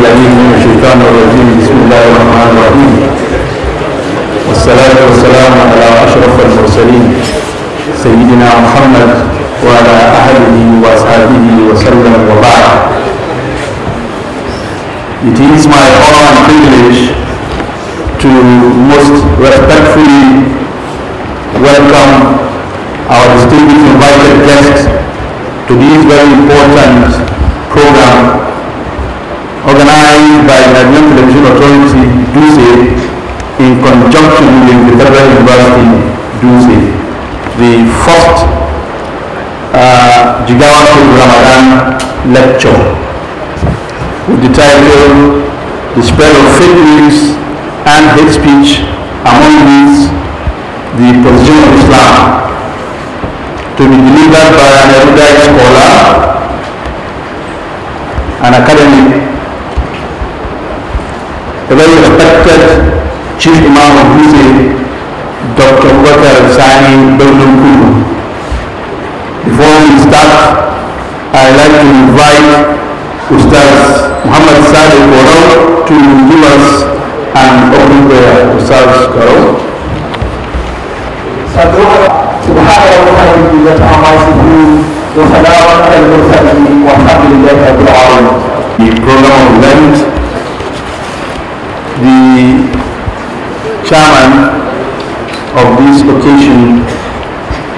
العليم من الشيطان الرجيم بسم الله الرحمن الرحيم والصلاة والسلام على أشرف المرسلين سيدنا محمد وعلى أهله وأصحابه وسلم وبعد It is my honor and privilege to most respectfully welcome our distinguished invited guests to this very important program organized by Nigerian Television Authority, DUSE, in conjunction with the Federal University, DUSE. The first uh, Ramadan lecture with the title The Spread of Fake News and Hate Speech Among These, the Position of Islam, to be delivered by an erudite scholar, an academic respected Chief Imam of Hussein, Dr. Bakar Sani Belnunkulu. Before we start, I'd like to invite Ustaz Muhammad Saleh Korao to give us an open prayer. Ustaz Korao. The program of Lent the chairman of this occasion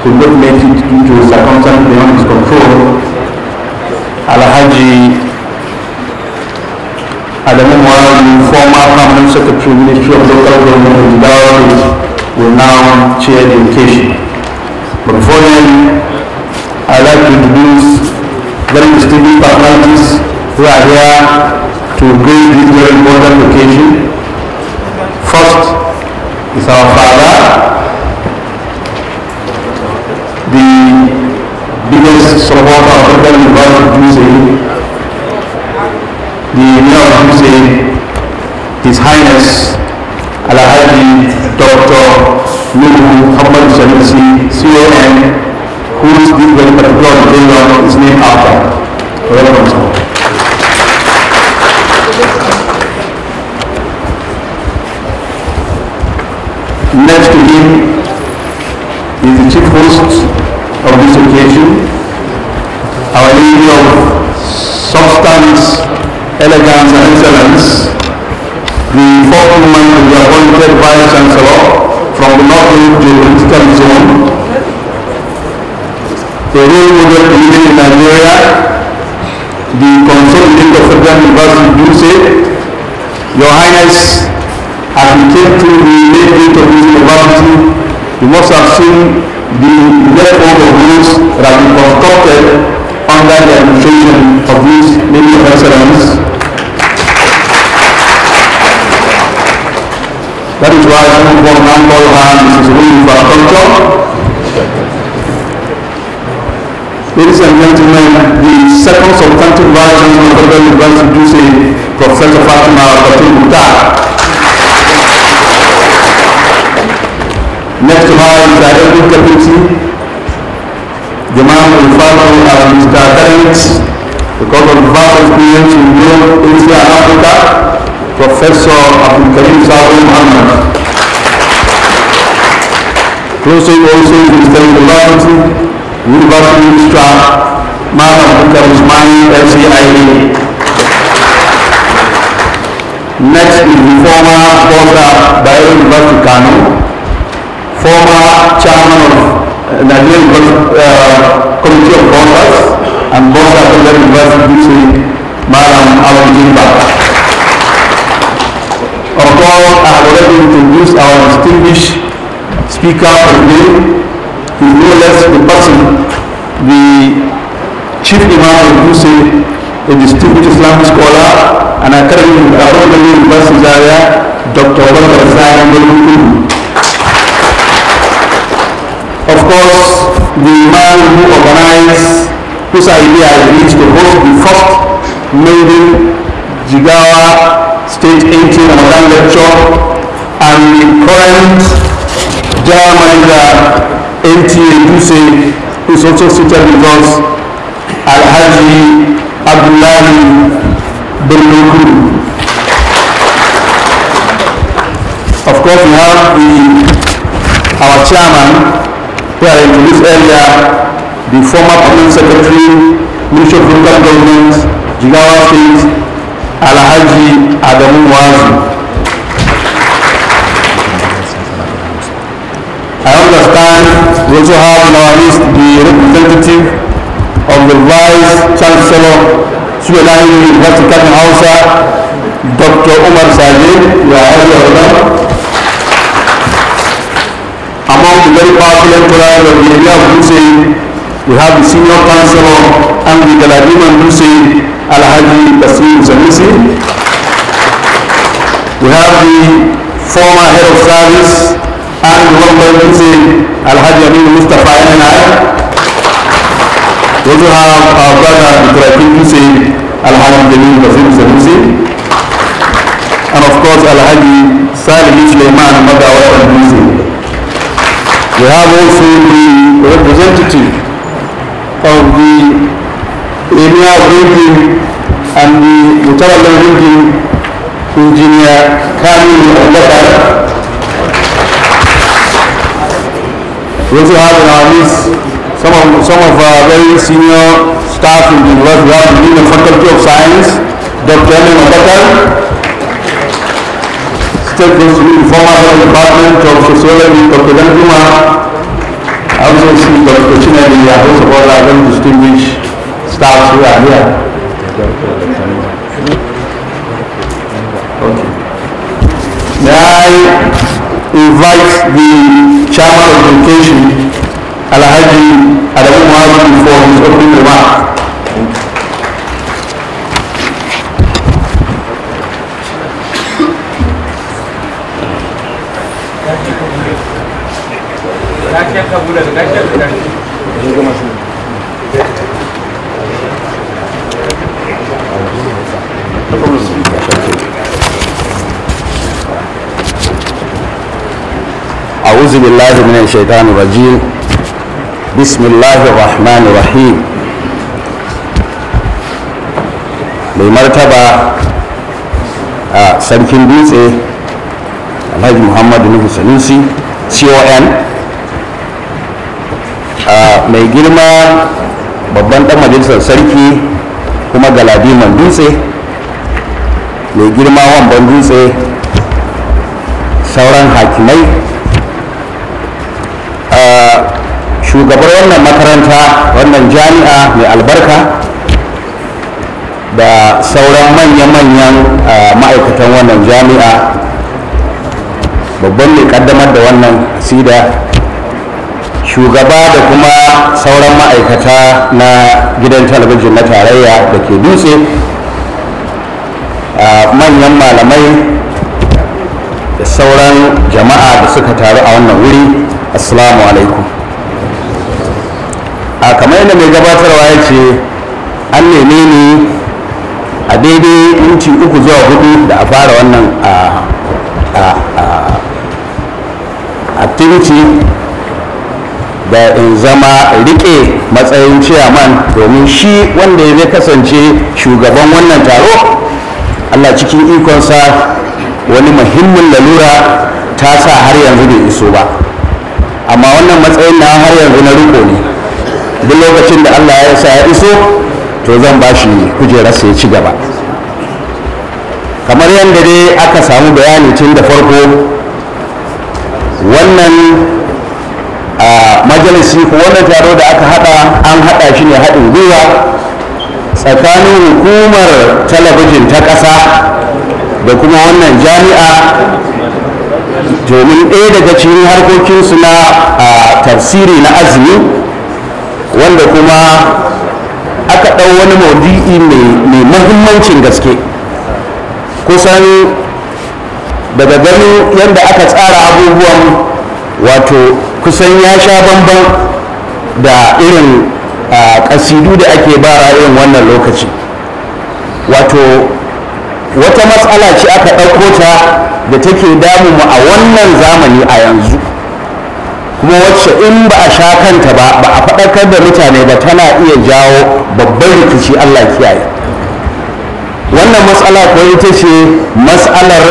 could not make it due to circumstances beyond his control, Alhaji Adamu Muhammad, former permanent secretary ministry of local government in Dawahid, will now chair the occasion. But before then, I'd like to introduce very distinguished partners who are here to praise this very important occasion. First is our father, the biggest supporter of the University of Hussein, the Emir of Hussein, His Highness Alahaji Dr. Nuhu Hamad Sharisi, CON, who is the very particular of is name. after. Welcome, sir. team is the chief host of this occasion. Our lady of substance, elegance and excellence, the fourth woman to be appointed Vice Chancellor from the the Eastern Zone, the role model leader in Nigeria, the consultant of Federal University Duse, Your Highness, Applicative must have seen the leftover rules that have been constructed under the administration of these many of That is why one man called her Mrs. Wayne Infrastructure. Ladies and gentlemen, the second substantive vice chancellor of the University, Professor Fatima Abdul Next to her is our Deputy Deputy, the man we follow, our Mr. Tarrant, because of vast experience in Europe, Asia and Africa, Professor Abdul Karim Sahu Muhammad. Closing also is Mr. University, University Registrar, Man Abdul Ismail LCIA. Next is the former Bosa Bayer University Kano, chairman of uh, Nigerian uh, Committee of Borders and Border Federal University, Madam Alan Jimba. Of course, I have already introduce our distinguished speaker today, who is no less the person, the chief imam of Hussein, a distinguished Islamic scholar, and academic uh, at University Zaria, Dr. Walter Zayan Belkudu. the man who organized Kusa Ile Agreed to host the first maiden Jigawa State 18 Ramadan lecture and the current general manager NTA Duse is also seated with us Alhaji Abdullahi Belokuru. Of course we have the, our chairman are in this area, the former permanent secretary, Ministry of Local Government, Jigawa State, Alhaji Adamu Wazu. I understand we also have in our list the representative of the Vice Chancellor, Sudanese University Hausa, Dr. Omar Sajid, you are head a very powerful employer of the area of Hussein. We have the senior counselor and the Galadiman Hussein Al-Haji Basim Zanisi. We have the former head of service and Honorable Hussein Al-Haji Amin Mustafa NNI. We also have our brother Ibrahim Hussein Al-Haji Jamil Basim Zanisi. And of course Al-Haji Salih Suleiman Madawa Al-Hussein. We have also the representative of the Emir team and the Mutawalla team, Engineer Kamil Abubakar. We also have in our list some of, some of our very senior staff in the university. We have the faculty of science, Dr. Emil Abubakar, take State Gospel former head the Department of Sociology, Dr. Dan Kuma. I also see Dr. Chinadi, I also all our very distinguished staffs who are here. Okay. May I invite the Chairman of Education, Alhaji Adamu Muhammad, for his opening remarks. أعوذ بالله من الشيطان الرجيم بسم الله الرحمن الرحيم بمرتبة سنكين a sarkin محمد alhaji سنوسي nuhu sanusi con mai girma babban dan majalisar sarki kuma galadiman dutse mai girma wamban dutse sauran hakimai shugabar wannan makaranta wannan jami'a mai albarka da sauran manya-manyan ma'aikatan wannan jami'a babban mai kaddamar da wannan sida shugaba da kuma sauran ma'aikata na gidan talabijin na tarayya da ke dutse manyan malamai da sauran jama'a da suka taru a wannan wuri assalamu alaikum a kamar yadda mai gabatarwa ya ce an neme ni a daidai minti uku zuwa hudu da a fara wannan a activity da in zama rike matsayin ciyaman domin shi wanda ya kasance shugaban wannan taro allah cikin ikonsa wani muhimmin lalura ta sa har yanzu bai iso ba amma wannan matsayin na har yanzu na riko ne duk lokacin da allah ya sa ya iso to zan ba shi kujerarsa ya ci gaba kamar yadda dai aka samu bayani tun da farko wannan a majalisi ko wannan taro da aka hada an hada shi ne haɗin gwiwa tsakanin hukumar talabijin ta ƙasa da kuma wannan jami'a domin ɗaya daga cikin harkokinsu na tafsiri na azumi wanda kuma aka ɗau wani maudu'i mai mahimmancin gaske kusan daga ganin yadda aka tsara abubuwan wato kusan ya sha bamban da irin ƙasidu da ake ba irin wannan lokaci wato wata matsala ce aka ɗauko ta da take damu a wannan zamani a yanzu kuma wacce in ba a sha kanta ba ba a faɗakar da mutane ba tana iya jawo babban rikici allah kiyaye wannan matsala ko ita ce matsalar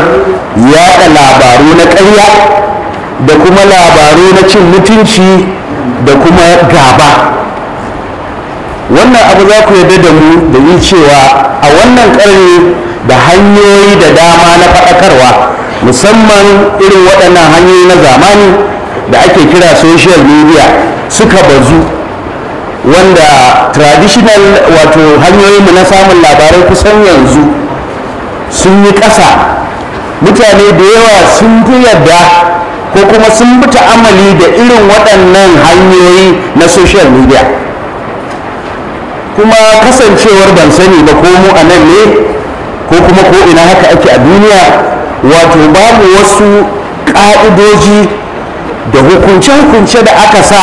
yaɗa labaru na ƙarya da kuma labaru na cin mutunci da kuma gaba wannan abu za ku yarda da mu da yi cewa a wannan ƙarni da hanyoyi da dama na faɗakarwa musamman irin waɗannan hanyoyi na zamani da ake kira social media suka bazu wanda traditional wato hanyoyin mu na samun labarai kusan yanzu sun yi ƙasa mutane da yawa sun fi yadda ko kuma sun fi ta'amali da irin waɗannan hanyoyi na social media kuma kasancewar ban sani ba ko mu a nan ne ko kuma ko ina haka ake a duniya wato babu wasu ƙa'idoji da hukunce-hukunce da aka sa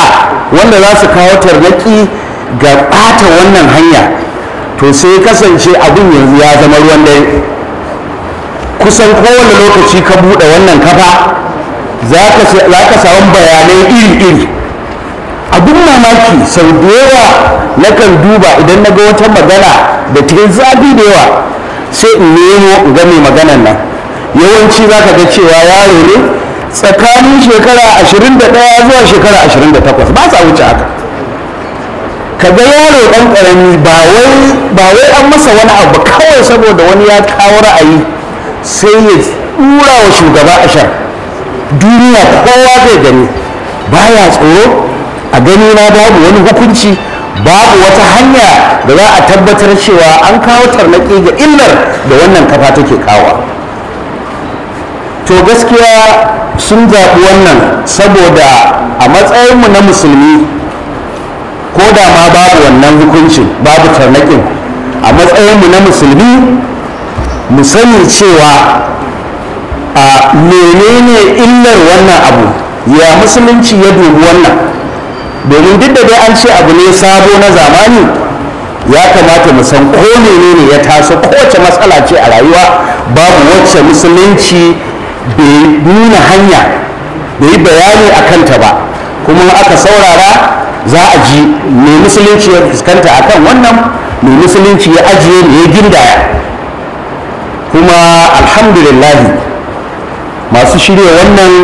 wanda za su kawo tarnaki ga ɓata wannan hanya to sai kasance abin yanzu ya zama ruwan dare kusan kowane lokaci ka buɗe wannan kafa za ka samu bayanai iri-iri abin mamaki sau da yawa na kan duba idan na ga wata magana da ta zafi da yawa sai in nemo in ga mai maganan nan yawanci za ka ga cewa yaro ne tsakanin shekara 21 zuwa shekara 28 ba sa wuce haka kaga yaro ɗan karami ba wai an masa wani abu kawai saboda wani ya kawo ra'ayi sai ya tura wa shugaba a sha duniya kowa zai gani baya tsoro a gani na babu wani hukunci babu wata hanya da za a tabbatar cewa an kawo tarnaki ga illar da wannan kafa take kawa to gaskiya sun zaɓi wannan saboda a matsayinmu na musulmi ko da ma babu wannan hukuncin babu tarnaƙin a matsayinmu na musulmi mu sani cewa a menene illar wannan abu ya musulunci ya dubi wannan domin duk da dai an ce abu ne sabo na zamani ya kamata mu san ko menene ya taso kowace matsala ce a rayuwa babu wacce musulunci bai nuna hanya bai yi bayani a kanta ba kuma aka saurara za a ji mai musulunci ya fuskanta a kan wannan mai musulunci ya ajiye mai ya gindaya kuma alhamdulillah masu shirya wannan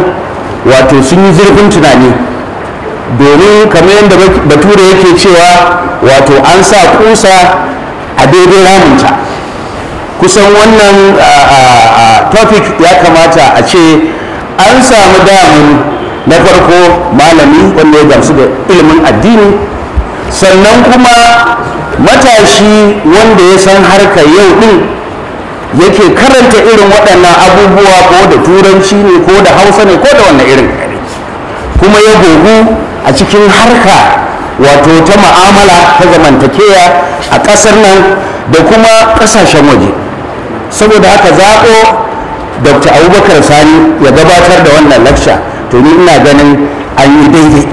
wato sun yi zurfin tunani domin kamar yadda bature yake cewa wato an sa kusa a daidai ramunta kusan wannan topic ya kamata a ce an samu damun na farko malami wanda ya gamsu da ilimin addini sannan kuma matashi wanda ya san harkar yau din yake karanta irin waɗannan abubuwa ko da turanci ne ko da hausa ne ko da wannan irin kuma ya gogu a cikin harka wato ta ma'amala ta zamantakewa a ƙasar nan da kuma ƙasashen waje saboda haka zaɓo dr abubakar sani ya gabatar da wannan lacca to ni ina ganin an yi daidai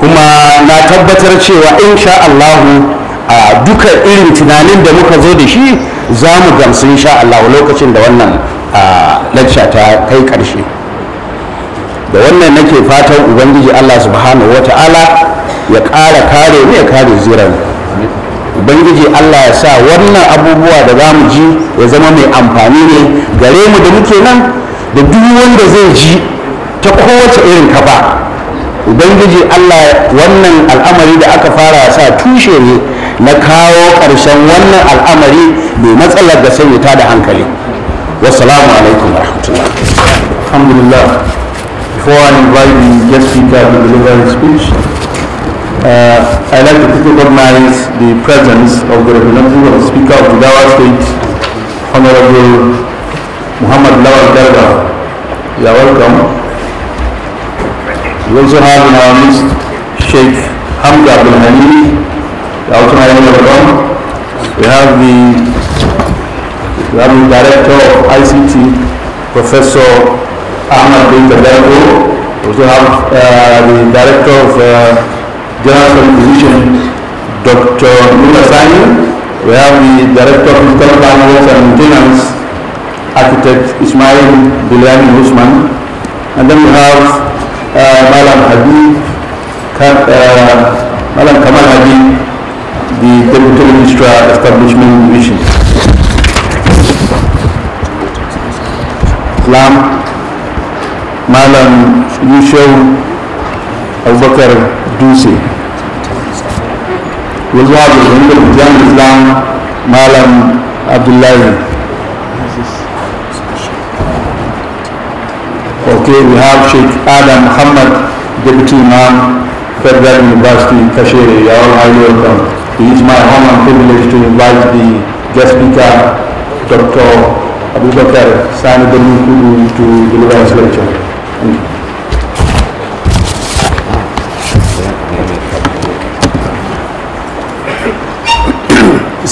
kuma na tabbatar cewa insha allahu a duka irin tunanin da muka zo da shi za mu gamsu insha allahu lokacin da wannan lacca ta kai ƙarshe da wannan nake fatan ubangiji allah subhanahu wa ta'ala ya ƙara kare ne ya kare ziran ubangiji allah ya sa wannan abubuwa da za mu ji ya zama mai amfani ne gare mu da muke nan da duk wanda zai ji ta kowace irin kafa ubangiji allah wannan al'amari da aka fara sa tushe ne na kawo ƙarshen wannan al'amari mai matsalar da sai ta da hankali wassalamu alaikum alhamdulillah before i invite the guest speaker to deliver his speech Uh, I'd like to recognize the presence of the representative of the Speaker of Jigawa State, Honorable Muhammad Lawal Garga. You are welcome. We also have in our midst Sheikh Hamza Abdul Hamid. You also welcome. We have the we have the Director of ICT, Professor Ahmad Bin Tadargo. We also have uh, the Director of uh, General Physician Dr. Nuna Sani, we have the Director of Physical Planning and Maintenance, Architect Ismail Bilyani Usman, and then we have uh, Malam Habib, uh, Malam Kamal Habib, the Deputy Minister Establishment Division. Islam, Malam Yusuf abubakar dutse ya zuwa da jami'ar jami'ar islam malam abdullahi okay we have sheikh adam muhammad deputy imam federal university kashere you are all highly welcome it is my honor and privilege to invite the guest speaker dr abubakar sani kudu to deliver his lecture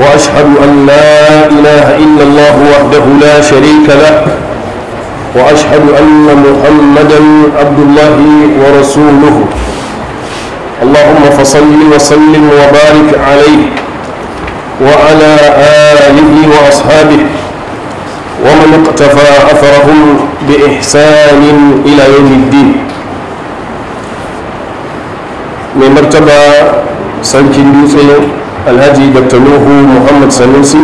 وأشهد أن لا إله إلا الله وحده لا شريك له وأشهد أن محمدا عبد الله ورسوله اللهم فصل وسلم وبارك عليه وعلى آله وأصحابه ومن اقتفى أثرهم بإحسان إلى يوم الدين من مرتبة سنكين دوسين Alhaji Dr. Muhammad Sanusi,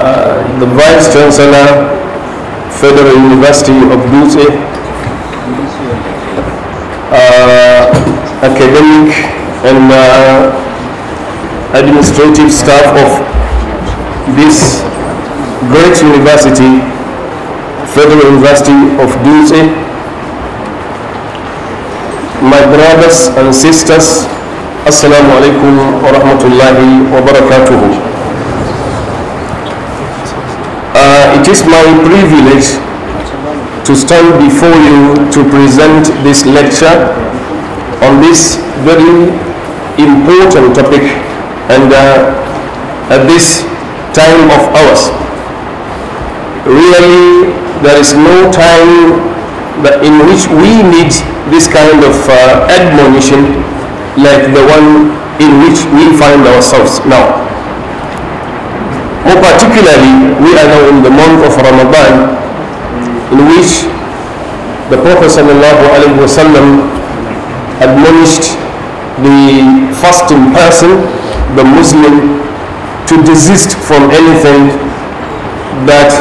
uh, the Vice Chancellor, Federal University of Dutse, uh, academic and uh, administrative staff of this great university, Federal University of Dutse, my brothers and sisters, السلام عليكم ورحمة الله وبركاته It is my privilege to stand before you to present this lecture on this very important topic and uh, at this time of ours really there is no time in which we need this kind of uh, admonition like the one in which we find ourselves now. More particularly, we are now in the month of Ramadan, in which the Prophet ﷺ admonished the fasting person, the Muslim, to desist from anything that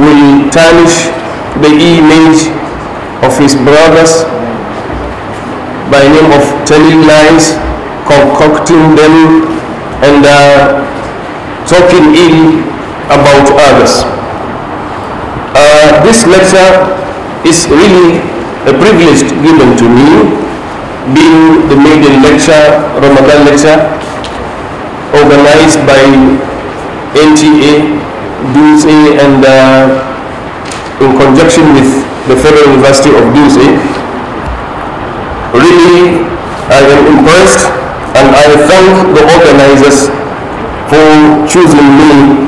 will tarnish the image of his brothers by name of telling lies, concocting them, and uh, talking ill about others. Uh, this lecture is really a privilege given to me, being the maiden lecture, Ramadan lecture, organized by NTA, Dulce, and uh, in conjunction with the Federal University of Dulce. impressed and I thank the organizers for choosing me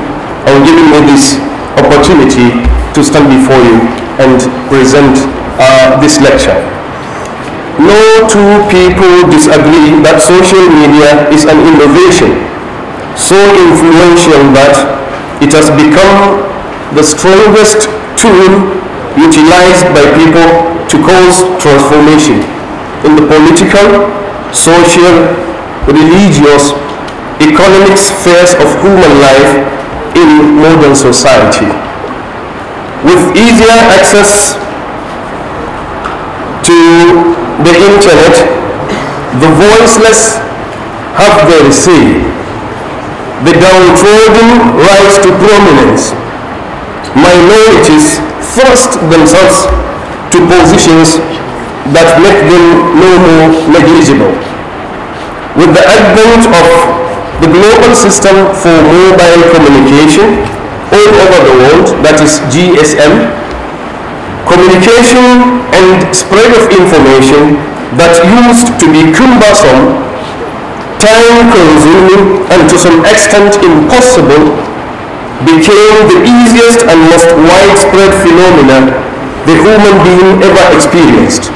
and giving me this opportunity to stand before you and present uh, this lecture. No two people disagree that social media is an innovation so influential that it has become the strongest tool utilized by people to cause transformation in the political, social, religious, economic spheres of human life in modern society. With easier access to the internet, the voiceless have their say. The downtrodden rise to prominence. Minorities thrust themselves to positions that make them no more negligible. With the advent of the global system for mobile communication all over the world, that is GSM, communication and spread of information that used to be cumbersome, time-consuming, and to some extent impossible became the easiest and most widespread phenomena the human being ever experienced.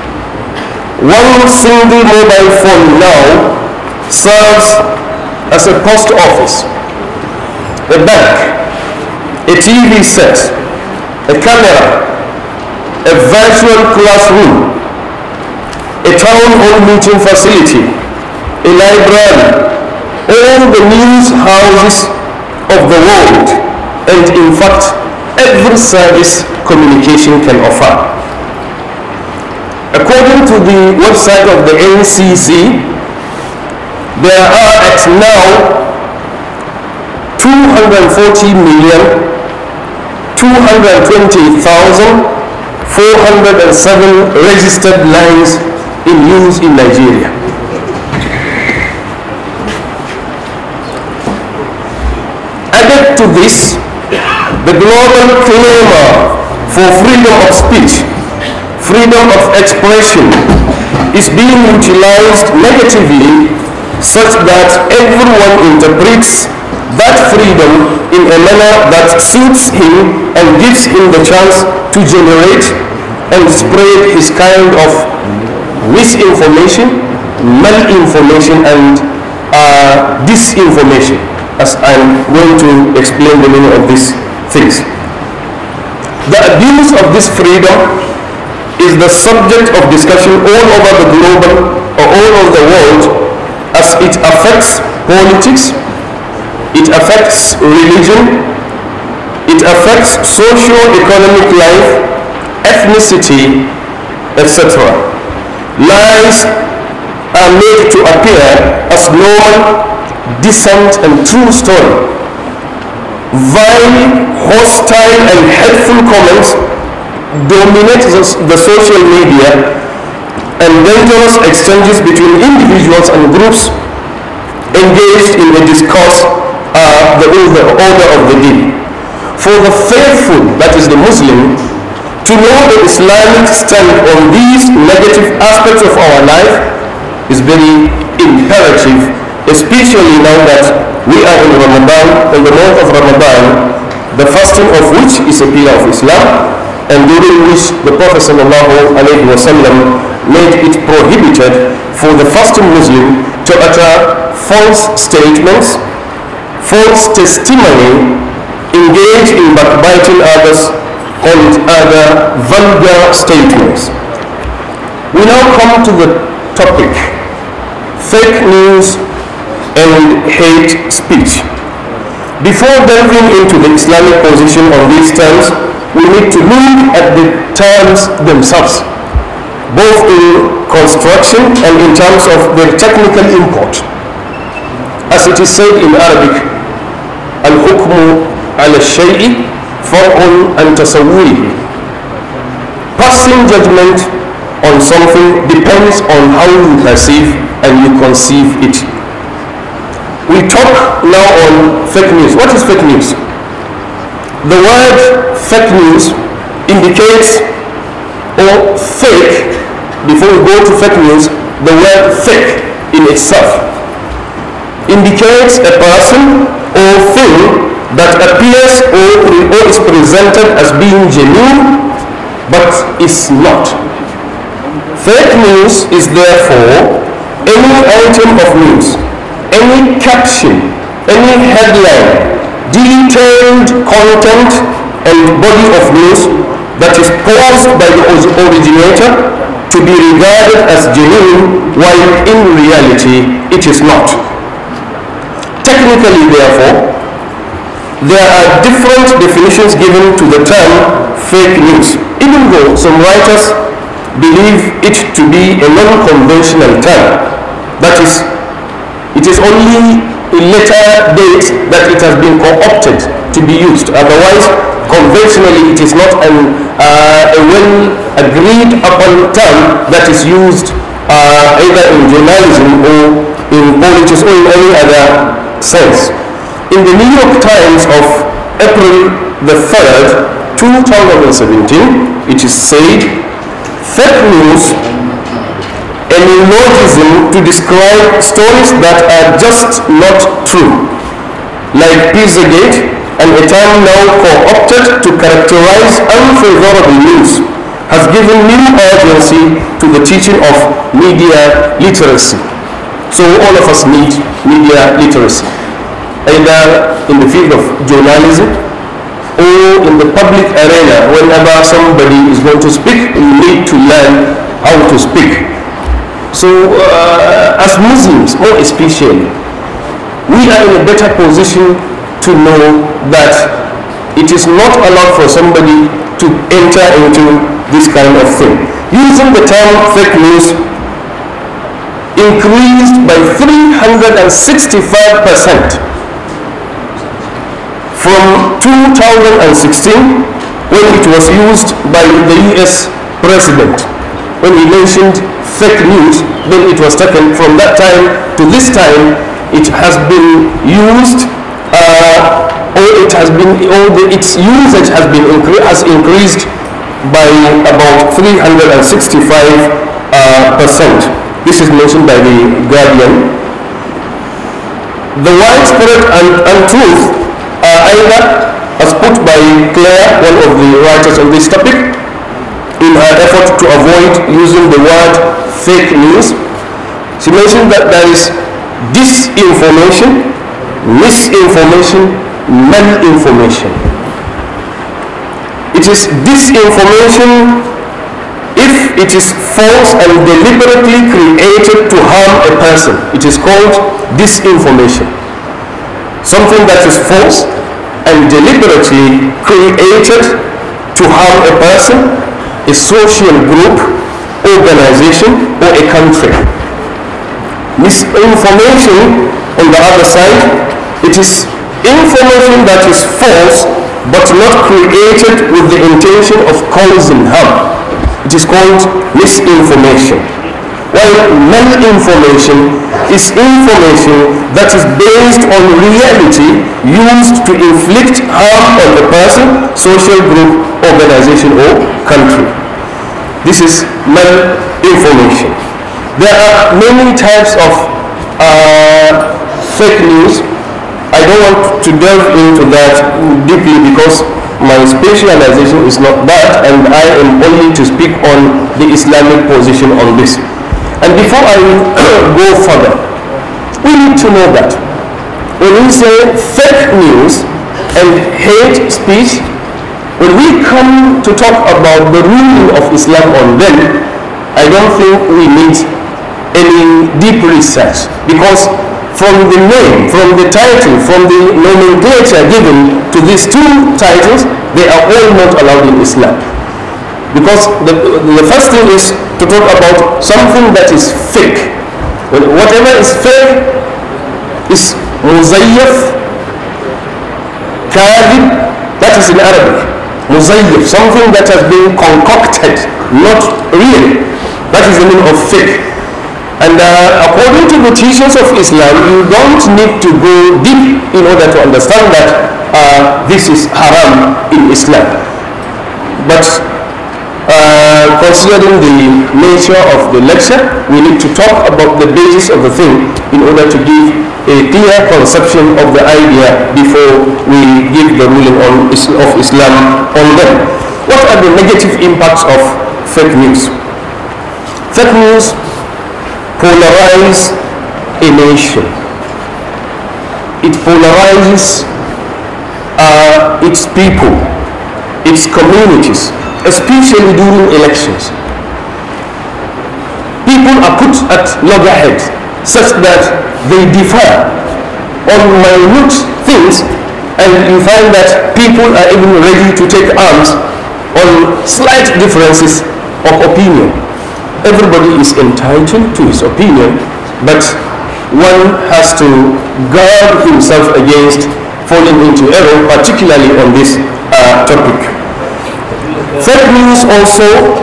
One single mobile phone now serves as a post office, a bank, a TV set, a camera, a virtual classroom, a town hall meeting facility, a library, all the news houses of the world, and in fact, every service communication can offer. According to the website of the NCC, there are at now 240 million 220,407 registered lines in use in Nigeria. Added to this, the global clamor for freedom of speech freedom of expression is being utilized negatively such that everyone interprets that freedom in a manner that suits him and gives him the chance to generate and spread his kind of misinformation, malinformation and uh, disinformation as I'm going to explain the meaning of these things. The abuse of this freedom is the subject of discussion all over the global or all over the world as it affects politics, it affects religion, it affects socio-economic life, ethnicity, etc. Lies are made to appear as normal, decent and true story. Vile, hostile and hateful comments dominates the social media and dangerous exchanges between individuals and groups engaged in a discourse uh, the order, order of the day. For the faithful, that is the Muslim, to know the Islamic stand on these negative aspects of our life is very imperative, especially now that we are in Ramadan, in the month of Ramadan, the fasting of which is a pillar of Islam, and during which the Prophet ﷺ made it prohibited for the fasting Muslim to utter false statements, false testimony, engage in backbiting others, and other vulgar statements. We now come to the topic fake news and hate speech. Before delving into the Islamic position on these terms, we need to look at the terms themselves, both in construction and in terms of their technical import. As it is said in Arabic, الحكم على الشيء فرع عن تصوره. Passing judgment on something depends on how you perceive and you conceive it. We talk now on fake news. What is fake news? The word fake news indicates or fake, before we go to fake news, the word fake in itself indicates a person or thing that appears or, or is presented as being genuine but is not. Fake news is therefore any item of news, any caption, any headline detailed content and body of news that is posed by the originator to be regarded as genuine while in reality it is not. Technically therefore, there are different definitions given to the term fake news, even though some writers believe it to be a non-conventional term. That is, it is only in later date that it has been co-opted to be used. Otherwise, conventionally, it is not an, uh, a well agreed upon term that is used uh, either in journalism or in politics or in any other sense. In the New York Times of April the 3rd, 2017, it is said, fake news a neologism to describe stories that are just not true, like Pizzagate, an a term now co-opted to characterize unfavorable news, has given new urgency to the teaching of media literacy. So all of us need media literacy, either in the field of journalism or in the public arena, whenever somebody is going to speak, you need to learn how to speak so, uh, as Muslims, more especially, we are in a better position to know that it is not allowed for somebody to enter into this kind of thing. Using the term fake news increased by 365% from 2016 when it was used by the US president when he mentioned fake news, then it was taken from that time to this time. It has been used, uh, or it has been, or the, its usage has been incre has increased by about 365 uh, percent. This is mentioned by the Guardian. The widespread and untruth truth, either as put by Claire, one of the writers on this topic, in her effort to avoid using the word fake news. She mentioned that there is disinformation, misinformation, malinformation. It is disinformation if it is false and deliberately created to harm a person. It is called disinformation. Something that is false and deliberately created to harm a person a social group, organization, or a country. Misinformation, on the other side, it is information that is false but not created with the intention of causing harm. It is called misinformation. While malinformation is information that is based on reality used to inflict harm on the person, social group, organization or country. This is mal-information. There are many types of uh, fake news. I don't want to delve into that deeply because my specialization is not that and I am only to speak on the Islamic position on this. And before I go further, we need to know that when we say fake news and hate speech, when we come to talk about the ruling of Islam on them, I don't think we need any deep research because from the name, from the title, from the nomenclature given to these two titles, they are all not allowed in Islam. Because the, the first thing is to talk about something that is fake. Whatever is fake is muzayyaf, kadib, that is in Arabic. Mosaic, something that has been concocted, not real. That is the meaning of fake. And uh, according to the teachings of Islam, you don't need to go deep in order to understand that uh, this is haram in Islam. But uh, considering the nature of the lecture, we need to talk about the basis of the thing in order to give a clear conception of the idea before we give the ruling on, of Islam on them. What are the negative impacts of fake news? Fake news polarize a nation. It polarizes uh, its people, its communities, especially during elections. People are put at loggerheads such that they differ on minute things and you find that people are even ready to take arms on slight differences of opinion. Everybody is entitled to his opinion, but one has to guard himself against falling into error, particularly on this uh, topic. Fake news also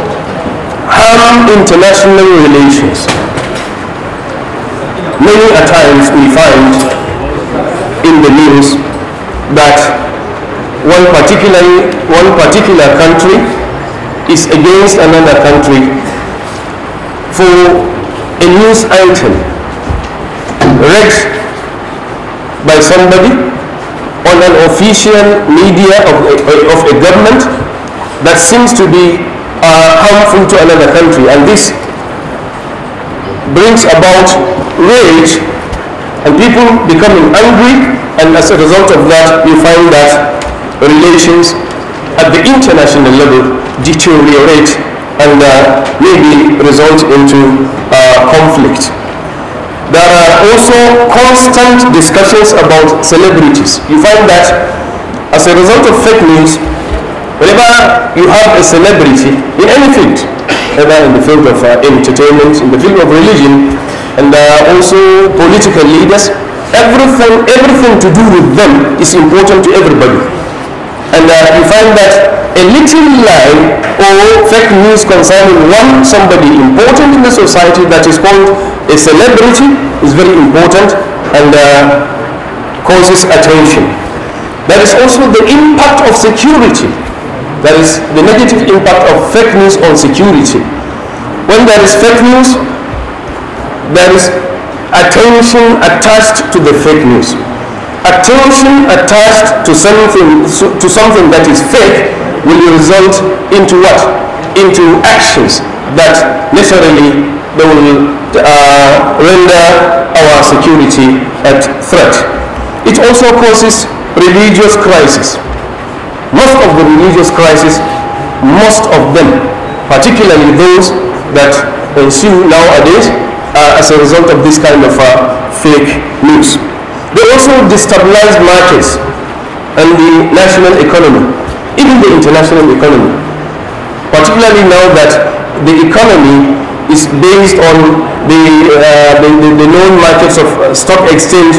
harm international relations. Many a times we find in the news that one particular, one particular country is against another country for a news item read by somebody on an official media of a, of a government that seems to be uh, harmful to another country and this brings about rage and people becoming angry and as a result of that you find that relations at the international level deteriorate and uh, maybe result into uh, conflict. There are also constant discussions about celebrities. You find that as a result of fake news, whenever you have a celebrity in any field, whether in the field of uh, entertainment, in the field of religion, and uh, also political leaders. Everything, everything to do with them is important to everybody. And uh, you find that a little lie or fake news concerning one somebody important in the society that is called a celebrity is very important and uh, causes attention. There is also the impact of security that is the negative impact of fake news on security. When there is fake news, there is attention attached to the fake news. Attention attached to something, to something that is fake will result into what? Into actions that necessarily they will uh, render our security at threat. It also causes religious crisis. Most of the religious crises, most of them, particularly those that ensue nowadays, are as a result of this kind of uh, fake news. They also destabilize markets and the national economy, even the international economy. Particularly now that the economy is based on the, uh, the, the, the, known markets of uh, stock exchange,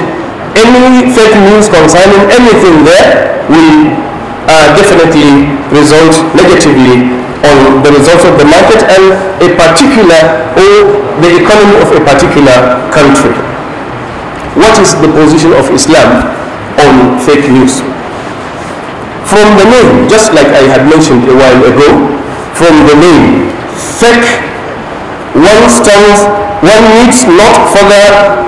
any fake news concerning anything there will uh, definitely result negatively on the results of the market and a particular or the economy of a particular country. What is the position of Islam on fake news? From the name, just like I had mentioned a while ago, from the name, fake, one stands, one needs not further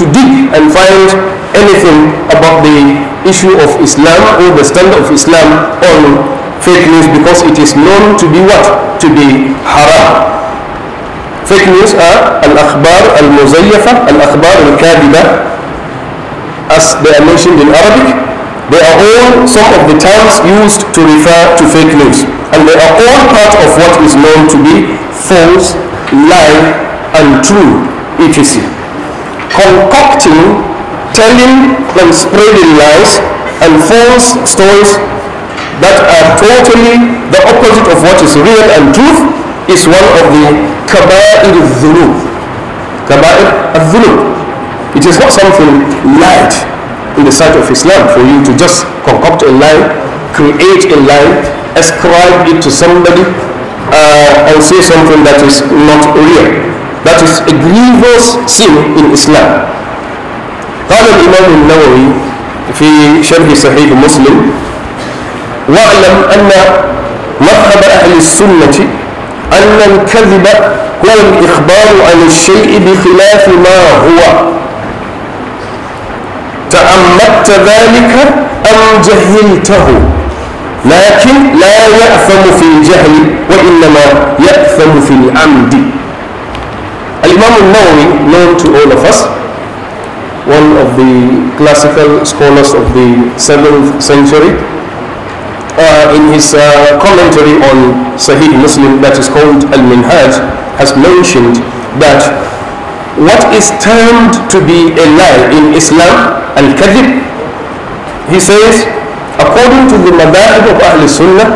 to dig and find anything about the issue of Islam or the stand of Islam on fake news because it is known to be what? To be haram. Fake news are al-akhbar al-muzayyafa, al-akhbar al-kadiba as they are mentioned in Arabic. They are all some of the terms used to refer to fake news. And they are all part of what is known to be false, lie, and true, etc. Concocting telling and spreading lies and false stories that are totally the opposite of what is real and truth is one of the kaba'ir dhunub. Kaba'ir dhunub. It is not something light in the sight of Islam for you to just concoct a lie, create a lie, ascribe it to somebody uh, and say something that is not real. That is a grievous sin in Islam. قال الإمام النووي في شرح صحيح مسلم واعلم أن مذهب أهل السنة أن الكذب هو الإخبار عن الشيء بخلاف ما هو تعمدت ذلك أم جهلته لكن لا يأثم في الجهل وإنما يأثم في العمد الإمام النووي known to all of us one of the classical scholars of the 7th century. Uh, in his uh, commentary on Sahih Muslim that is called Al-Minhaj has mentioned that what is termed to be a lie in Islam, Al-Kadhib, he says, according to the Madhab of Ahl Sunnah,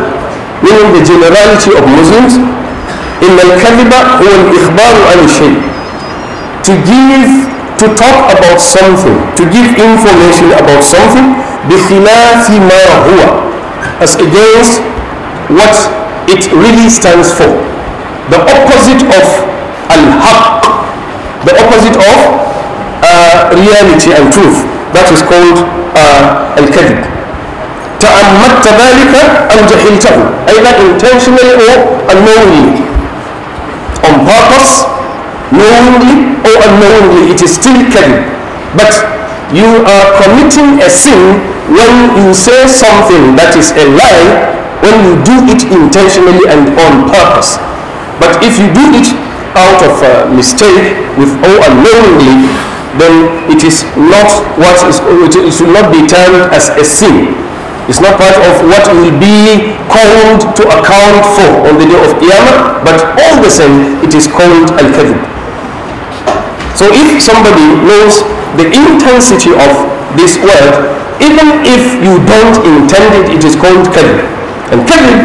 meaning the generality of Muslims, إن الكذب هو الإخبار عن الشيء to give to talk about something, to give information about something, بِخِلَافِ مَا هُوَ As against what it really stands for. The opposite of al-haq, the opposite of uh, reality and truth. That is called uh, al-kadib. تأمدت ذلك أو either intentionally or unknowingly on purpose knowingly or unknowingly it is still Kadhib. But you are committing a sin when you say something that is a lie when you do it intentionally and on purpose. But if you do it out of a mistake with or unknowingly, then it is not what is it should not be termed as a sin. It's not part of what will be called to account for on the day of Qiyamah, but all the same, it is called al-kadhib. So if somebody knows the intensity of this word, even if you don't intend it, it is called kadhib. And kadhib,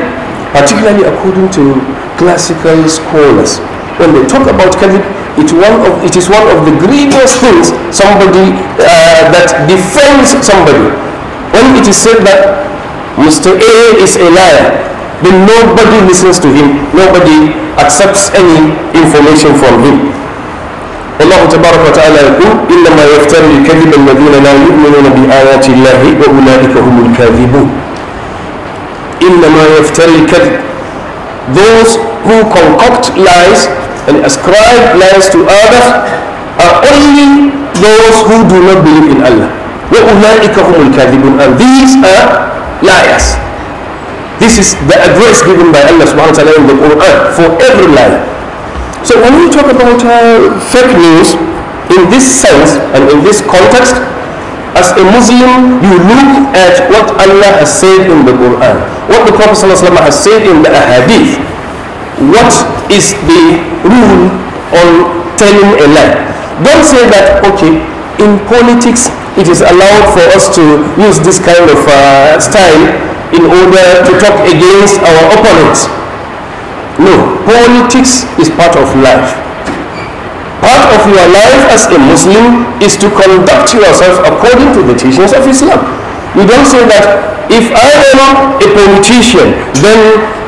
particularly according to classical scholars, when they talk about kadhib, it, one of, it is one of the grievous things somebody uh, that defends somebody. When it is said that Mr. A is a liar, then nobody listens to him, nobody accepts any information from him. والله تبارك وتعالى يقول إنما يفتري الكذب الذين لا يؤمنون بآيات الله وأولئك هم الكاذبون إنما يفتري الكذب those who concoct lies and ascribe lies to others are only those who do not believe in Allah وأولئك هم الكاذبون and these are liars this is the address given by Allah subhanahu wa ta'ala in the Quran for every lie. So when we talk about uh, fake news, in this sense and in this context, as a Muslim, you look at what Allah has said in the Quran, what the Prophet ﷺ has said in the Ahadith, what is the rule on telling a lie. Don't say that, okay, in politics it is allowed for us to use this kind of uh, style in order to talk against our opponents politics is part of life. Part of your life as a Muslim is to conduct yourself according to the teachings of Islam. You don't say that if I am a politician, then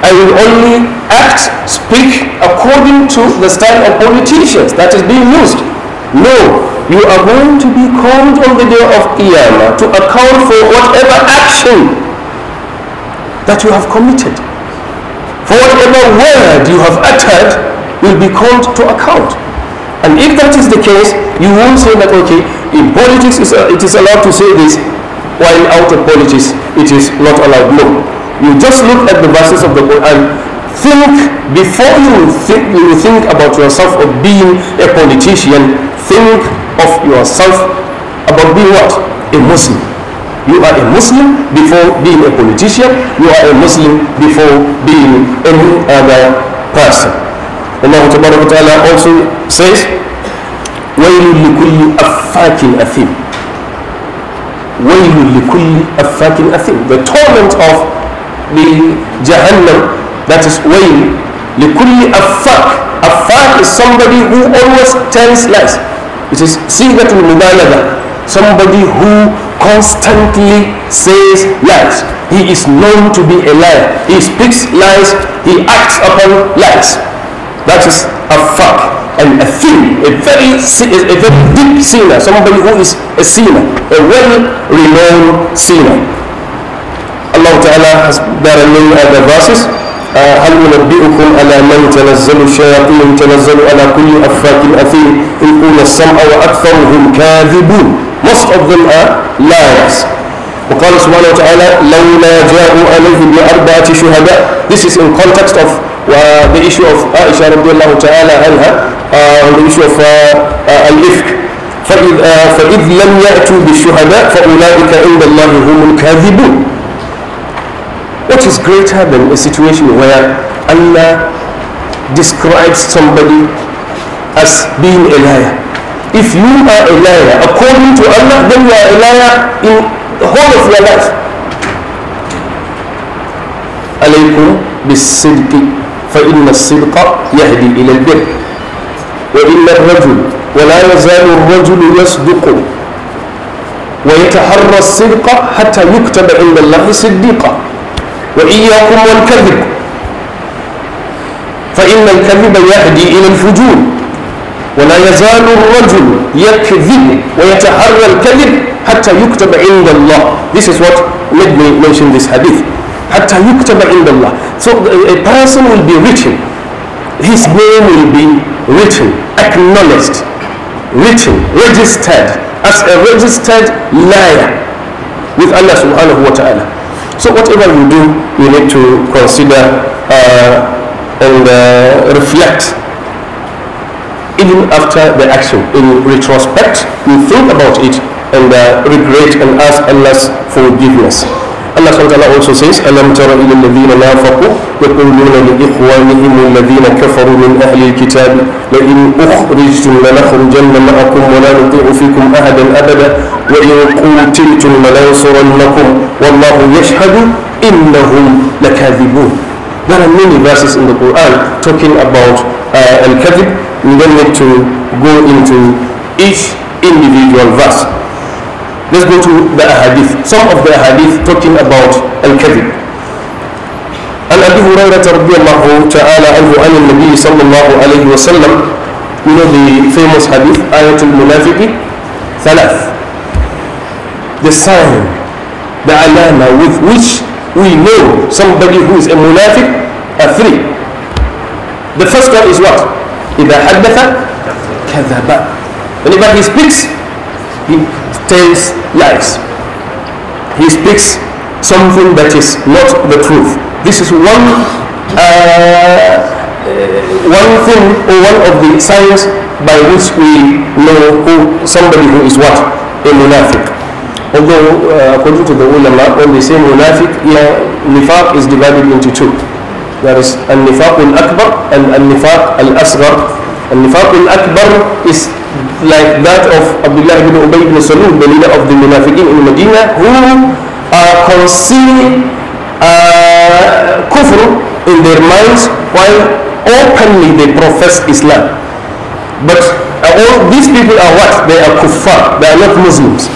I will only act, speak according to the style of politicians that is being used. No, you are going to be called on the day of Qiyamah to account for whatever action that you have committed. For whatever word you have uttered will be called to account. And if that is the case, you won't say that, okay, in politics uh, it is allowed to say this, while out of politics it is not allowed. No. You just look at the verses of the Quran. Think, before you think, you think about yourself of being a politician, think of yourself about being what? A Muslim. You are a Muslim before being a politician. You are a Muslim before being any other person. Allah Ta'ala also says, وَيْلٌ لِكُلِّ أَفَّاكٍ أَثِيمٍ وَيْلٌ لِكُلِّ أَفَّاكٍ أَثِيمٍ The torment of the Jahannam, that is وَيْلٌ لِكُلِّ أَفَّاكٍ Affaq is somebody who always tells lies. It is sigatul mubalagha somebody who constantly says lies. He is known to be a liar. He speaks lies. He acts upon lies. That is a fact and a thing, a very, a very deep sinner, somebody who is a sinner, a well-renowned sinner. Allah Ta'ala has better many other verses. هل ننبئكم على من تنزل الشياطين تنزل على كل أفاك أثيم إن قول السمع وأكثرهم كاذبون most of them are liars. وقال سبحانه وتعالى لولا جاءوا عليه بأربعة شهداء This is in context of uh, the issue of Aisha رضي الله تعالى عنها uh, the issue of uh, الإفك uh, فإذ, uh, فإذ لم يأتوا بالشهداء فأولئك عند الله هم الكاذبون What is greater than a situation where Allah describes somebody as being a liar? If you are a liar, according to Allah, then you are a liar in the whole of your life. عليكم بالصدق فإن الصدق يهدي إلى البر وإن الرجل ولا يزال الرجل يصدق ويتحرى الصدق حتى يكتب عند الله صديقا وإياكم والكذب فإن الكذب يهدي إلى الفجور ولا يزال الرجل يكذب ويتحرى الكذب حتى يكتب عند الله this is what made me mention this hadith حتى يكتب عند الله so a person will be written his name will be written acknowledged written registered as a registered liar with Allah subhanahu wa ta'ala so whatever you do you need to consider uh, and uh, reflect even after the action. In retrospect, we think about it and uh, regret and ask Allah's forgiveness. Allah also says, أَلَمْ تَرَ إِلَى الَّذِينَ نَافَقُوا يَقُولُونَ لِإِخْوَانِهِمْ الَّذِينَ كَفَرُوا مِنْ أَهْلِ الْكِتَابِ لَإِنْ أُخْرِجْتُمْ لَنَخْرُجَنَّ مَعَكُمْ وَلَا نُطِيعُ فِيكُمْ أَحَدًا أَبَدًا وَإِنْ قُوتِلْتُمْ لَنَنْصُرَنَّكُمْ وَاللَّهُ يَشْهَدُ إِنَّهُمْ لَكَاذِبُونَ There are many verses in the Quran talking about uh, al-kadhib we don't need to go into each individual verse. Let's go to the hadith. Some of the hadith talking about Al-Kadhib. عن أبي هريرة رضي الله تعالى عنه عن النبي صلى الله عليه وسلم من the famous hadith آية المنافق ثلاث the sign the alama with which we know somebody who is a munafiq are three the first one is what إذا حدث كذب whenever he speaks he tells lies he speaks something that is not the truth this is one uh, one thing or one of the signs by which we know who somebody who is what a munafiq although uh, according to the ulama when they say munafiq yeah, nifaq is divided into two There is al-nifaq al-akbar and al-nifaq al-asghar. Al-nifaq al-akbar is like that of Abdullah ibn Ubay ibn Salul, the leader of the Munafiqin in Medina, who uh, conceal uh, kufr in their minds while openly they profess Islam. But uh, all these people are what? They are kuffar, they are not Muslims.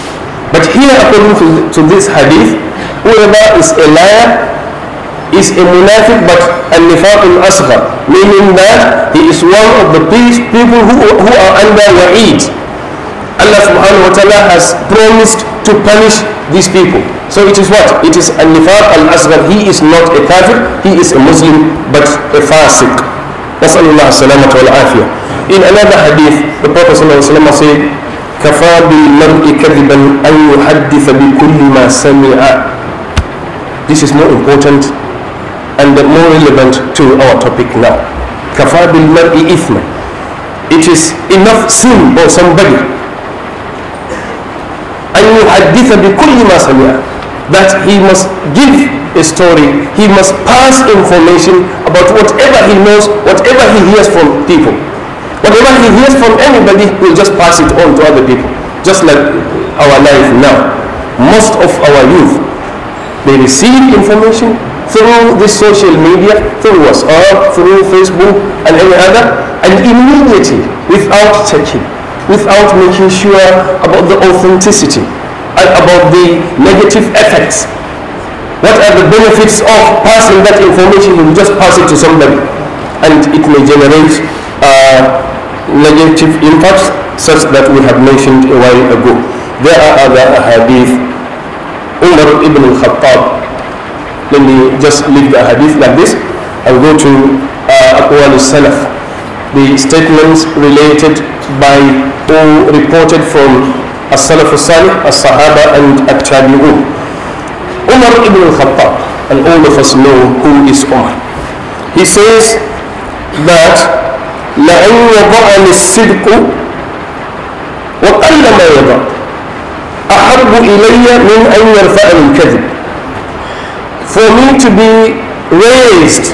But here according to, to this hadith, whoever is a liar is a munafiq but a nifaq al asghar meaning that he is one of the people who, who are under wa'id Allah subhanahu wa ta'ala has promised to punish these people so it is what? It is a nifaq al asghar he is not a kafir he is a Muslim but a fasiq نسأل الله السلامة والعافية In another hadith the Prophet sallallahu alaihi wasallam وسلم said كفى بالمرء كذبا أن يحدث بكل ما سمع This is more important and more relevant to our topic now. Kafa bil mar'i ithma. It is enough sin for somebody أن يحدث بكل ما سمع that he must give a story, he must pass information about whatever he knows, whatever he hears from people. Whatever he hears from anybody, he will just pass it on to other people. Just like our life now. Most of our youth, they receive information, through the social media, through WhatsApp, through Facebook and any other, and immediately, without checking, without making sure about the authenticity and about the negative effects. What are the benefits of passing that information? You just pass it to somebody and it may generate uh, negative impacts such that we have mentioned a while ago. There are other hadith. Umar ibn al-Khattab let me just leave the hadith like this. I'll go to uh, al salaf the statements related by who reported from As-Salaf al-Salih, As-Sahaba and At-Tabi'un. Umar ibn al-Khattab, and all of us know who is Umar. He says that لَأَنْ يَضَعَنِ الصِّدْقُ وَقَلَّ مَا يَضَعُ أَحَبُّ إِلَيَّ مِنْ أَنْ يَرْفَعَنِ الْكَذِبُ for me to be raised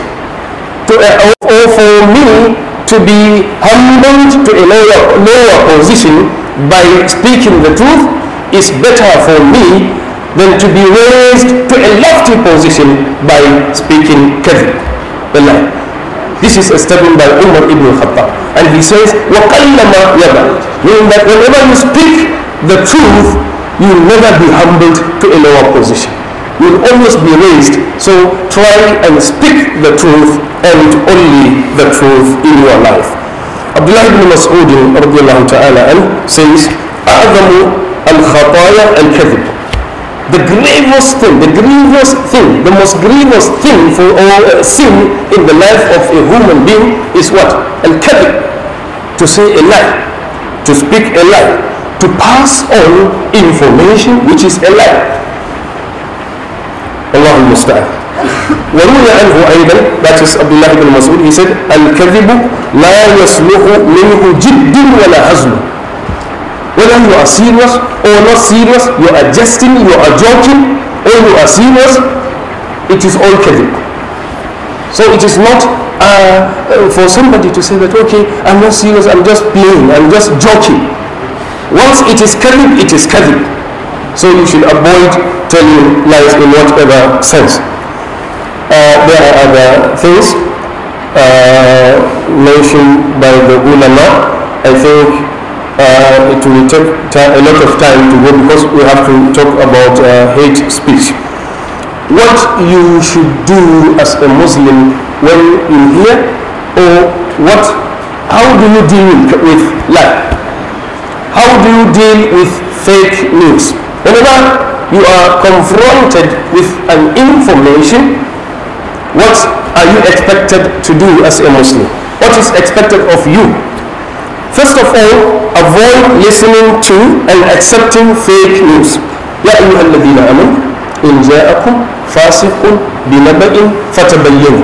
to a, or for me to be humbled to a lower, lower position by speaking the truth is better for me than to be raised to a lofty position by speaking kadhib. Wallahi. This is a statement by Umar ibn Khattab. And he says, وَقَلَّمَا يَبَى Meaning that whenever you speak the truth, you will never be humbled to a lower position will always be raised. So try and speak the truth and only the truth in your life. Abdullah ibn Mas'ud says, أعظم الخطايا الكذب the grievous thing, the grievous thing, the most grievous thing for all uh, sin in the life of a human being is what? Al kadhib. To say a lie, to speak a lie, to pass on information which is a lie, Allah المستعان وروي عنه أيضا that is عبد الله بن مسعود he said الكذب لا يصلح منه جد ولا هزل whether you are serious or not serious you are jesting you are joking or you are serious it is all كذب so it is not uh, uh, for somebody to say that okay I'm not serious I'm just playing I'm just joking once it is kadhib it is kadhib so you should avoid tell you lies in whatever sense. Uh, there are other things uh, mentioned by the ulama. I think uh, it will take a lot of time to go because we have to talk about uh, hate speech. What you should do as a Muslim when you hear or what, how do you deal with lie? How do you deal with fake news? Whenever you are confronted with an information, what are you expected to do as a Muslim? What is expected of you? First of all, avoid listening to and accepting fake news. يا أيها الذين آمنوا إن جاءكم فاسق بنبأ فتبينوا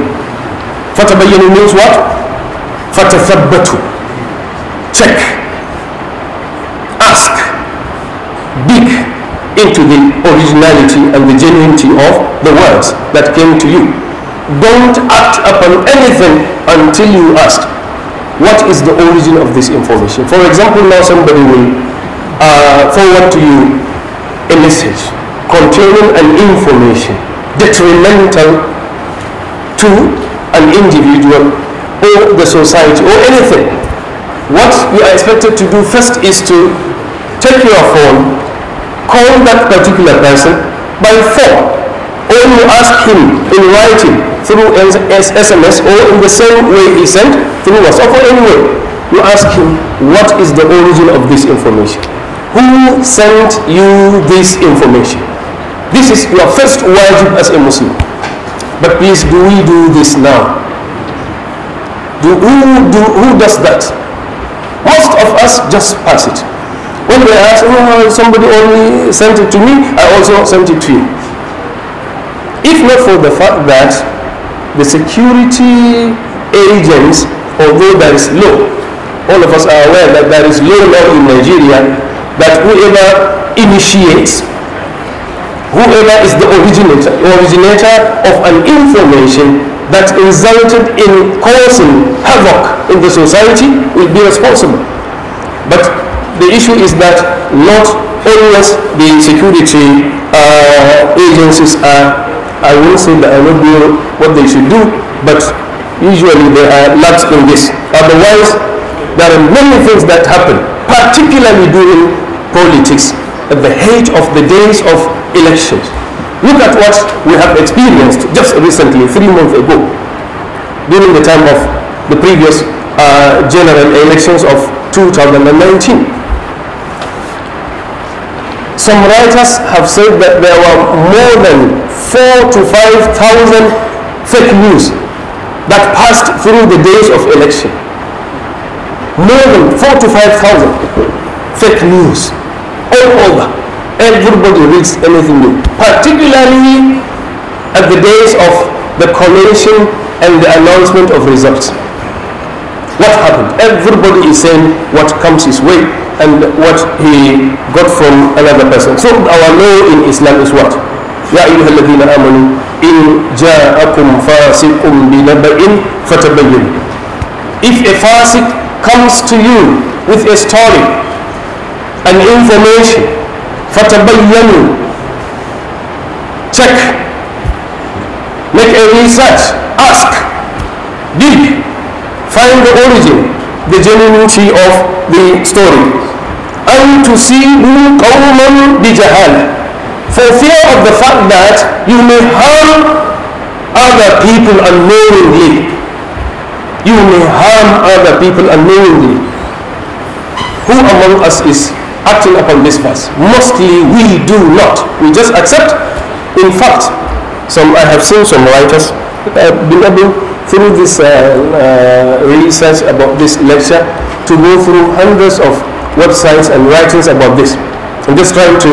فتبينوا means what? فتثبتوا check into the originality and the genuinity of the words that came to you. Don't act upon anything until you ask, what is the origin of this information? For example, now somebody will uh, forward to you a message containing an information detrimental to an individual or the society or anything. What you are expected to do first is to take your phone call that particular person by phone or you ask him in writing through SMS or in the same way he sent through WhatsApp or anyway you ask him what is the origin of this information who sent you this information this is your first wajib as a Muslim but please do we do this now do, who, do, who does that most of us just pass it when they ask, oh, somebody only sent it to me, I also sent it to you. If not for the fact that the security agents, although there is law, all of us are aware that there is law now in Nigeria that whoever initiates, whoever is the originator, originator of an information that resulted in causing havoc in the society will be responsible. The issue is that not always the security uh, agencies are, I won't say that I will do what they should do, but usually they are lax in this. Otherwise, there are many things that happen, particularly during politics, at the height of the days of elections. Look at what we have experienced just recently, three months ago, during the time of the previous uh, general elections of 2019. Some writers have said that there were more than four to five thousand fake news that passed through the days of election. More than four to five thousand fake news all over. Everybody reads anything new, particularly at the days of the collation and the announcement of results happened. Everybody is saying what comes his way and what he got from another person. So our law in Islam is what? يا أيها الذين آمنوا إن جاءكم فاسق بنبأ فتبين If a fasik comes to you with a story, an information, فتبينوا Check, make a research, ask, dig, find the origin, the genuinity of the story. And to see qawman bijahala. For fear of the fact that you may harm other people unknowingly. You may harm other people unknowingly. Who among us is acting upon this verse? Mostly we do not. We just accept. In fact, some I have seen some writers i have uh, been able through this uh, uh, research about this lecture to go through hundreds of websites and writings about this. I'm just trying to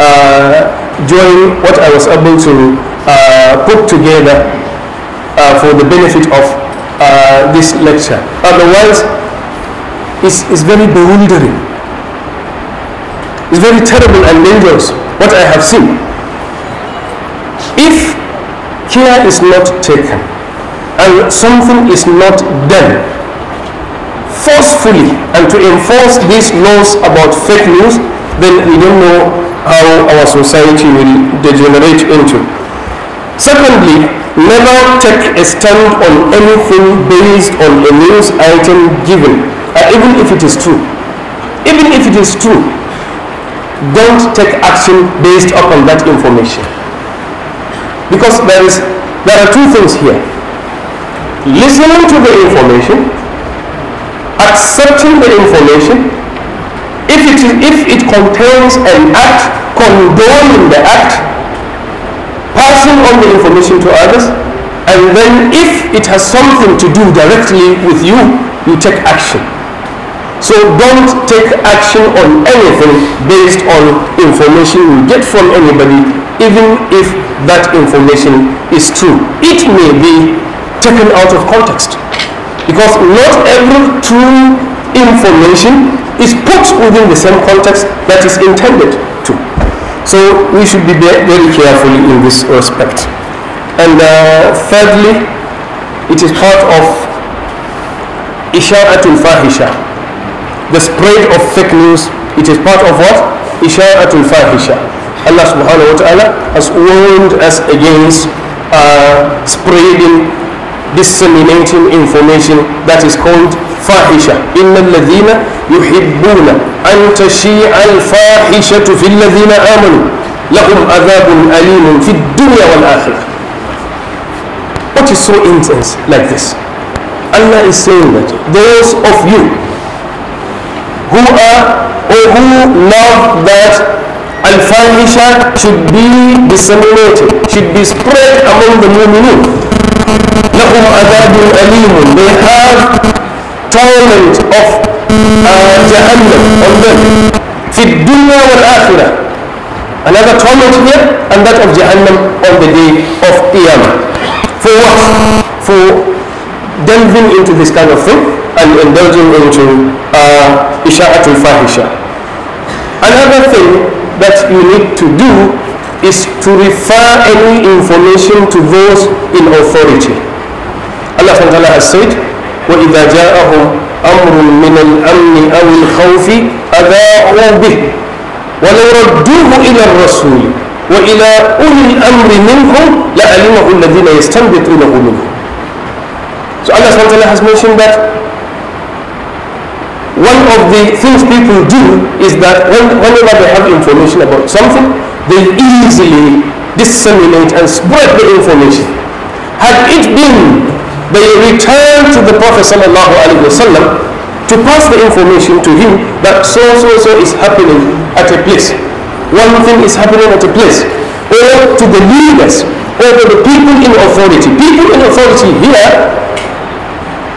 uh, join what I was able to put together for the benefit of this lecture. Otherwise, it's, it's very bewildering. It's very terrible and dangerous what I have seen. If care is not taken, and something is not done forcefully and to enforce these laws about fake news, then we don't know how our society will degenerate into. Secondly, never take a stand on anything based on a news item given, uh, even if it is true. Even if it is true, don't take action based upon that information. Because there is there are two things here listening to the information, accepting the information, if it if it contains an act, condoning the act, passing on the information to others, and then if it has something to do directly with you, you take action. So don't take action on anything based on information you get from anybody, even if that information is true. It may be taken out of context. Because not every true information is put within the same context that is intended to. So we should be very careful in this respect. And uh, thirdly, it is part of Isha'atul Fahisha. The spread of fake news, it is part of what? Isha'atul Fahisha. Allah subhanahu wa ta'ala has warned us against uh, spreading disseminating information that is called fahisha إن الذين يحبون أن تشيع الفاحشة في الذين آمنوا لهم عذاب أليم في الدنيا والآخرة What is so intense like this? Allah is saying that those of you who are or who love that al-fahisha should be disseminated, should be spread among the mu'minun لهم عذاب أليم they have torment of uh, Jahannam on them في الدنيا والآخرة another torment here and that of Jahannam on the day of Qiyamah for what? for delving into this kind of thing and indulging into uh, Isha'atul Fahisha another thing that you need to do is to refer any information to those in authority. Allah SWT has said, وَإِذَا جَاءَهُمْ أَمْرٌ مِّنَ الْأَمْنِ أَوِ الْخَوْفِ أَذَاعُوا بِهِ وَلَوْ رَدُّوهُ إِلَى الرَّسُولِ وَإِلَى أُولِي الْأَمْرِ مِنْهُمْ لَعَلِمَهُ الَّذِينَ يَسْتَنبِطُونَهُ مِنْهُ So Allah SWT has mentioned that one of the things people do is that when, whenever they have information about something, they easily disseminate and spread the information. Had it been they returned to the Prophet wasallam to pass the information to him that so so so is happening at a place, one thing is happening at a place, or to the leaders, or to the people in authority. People in authority here,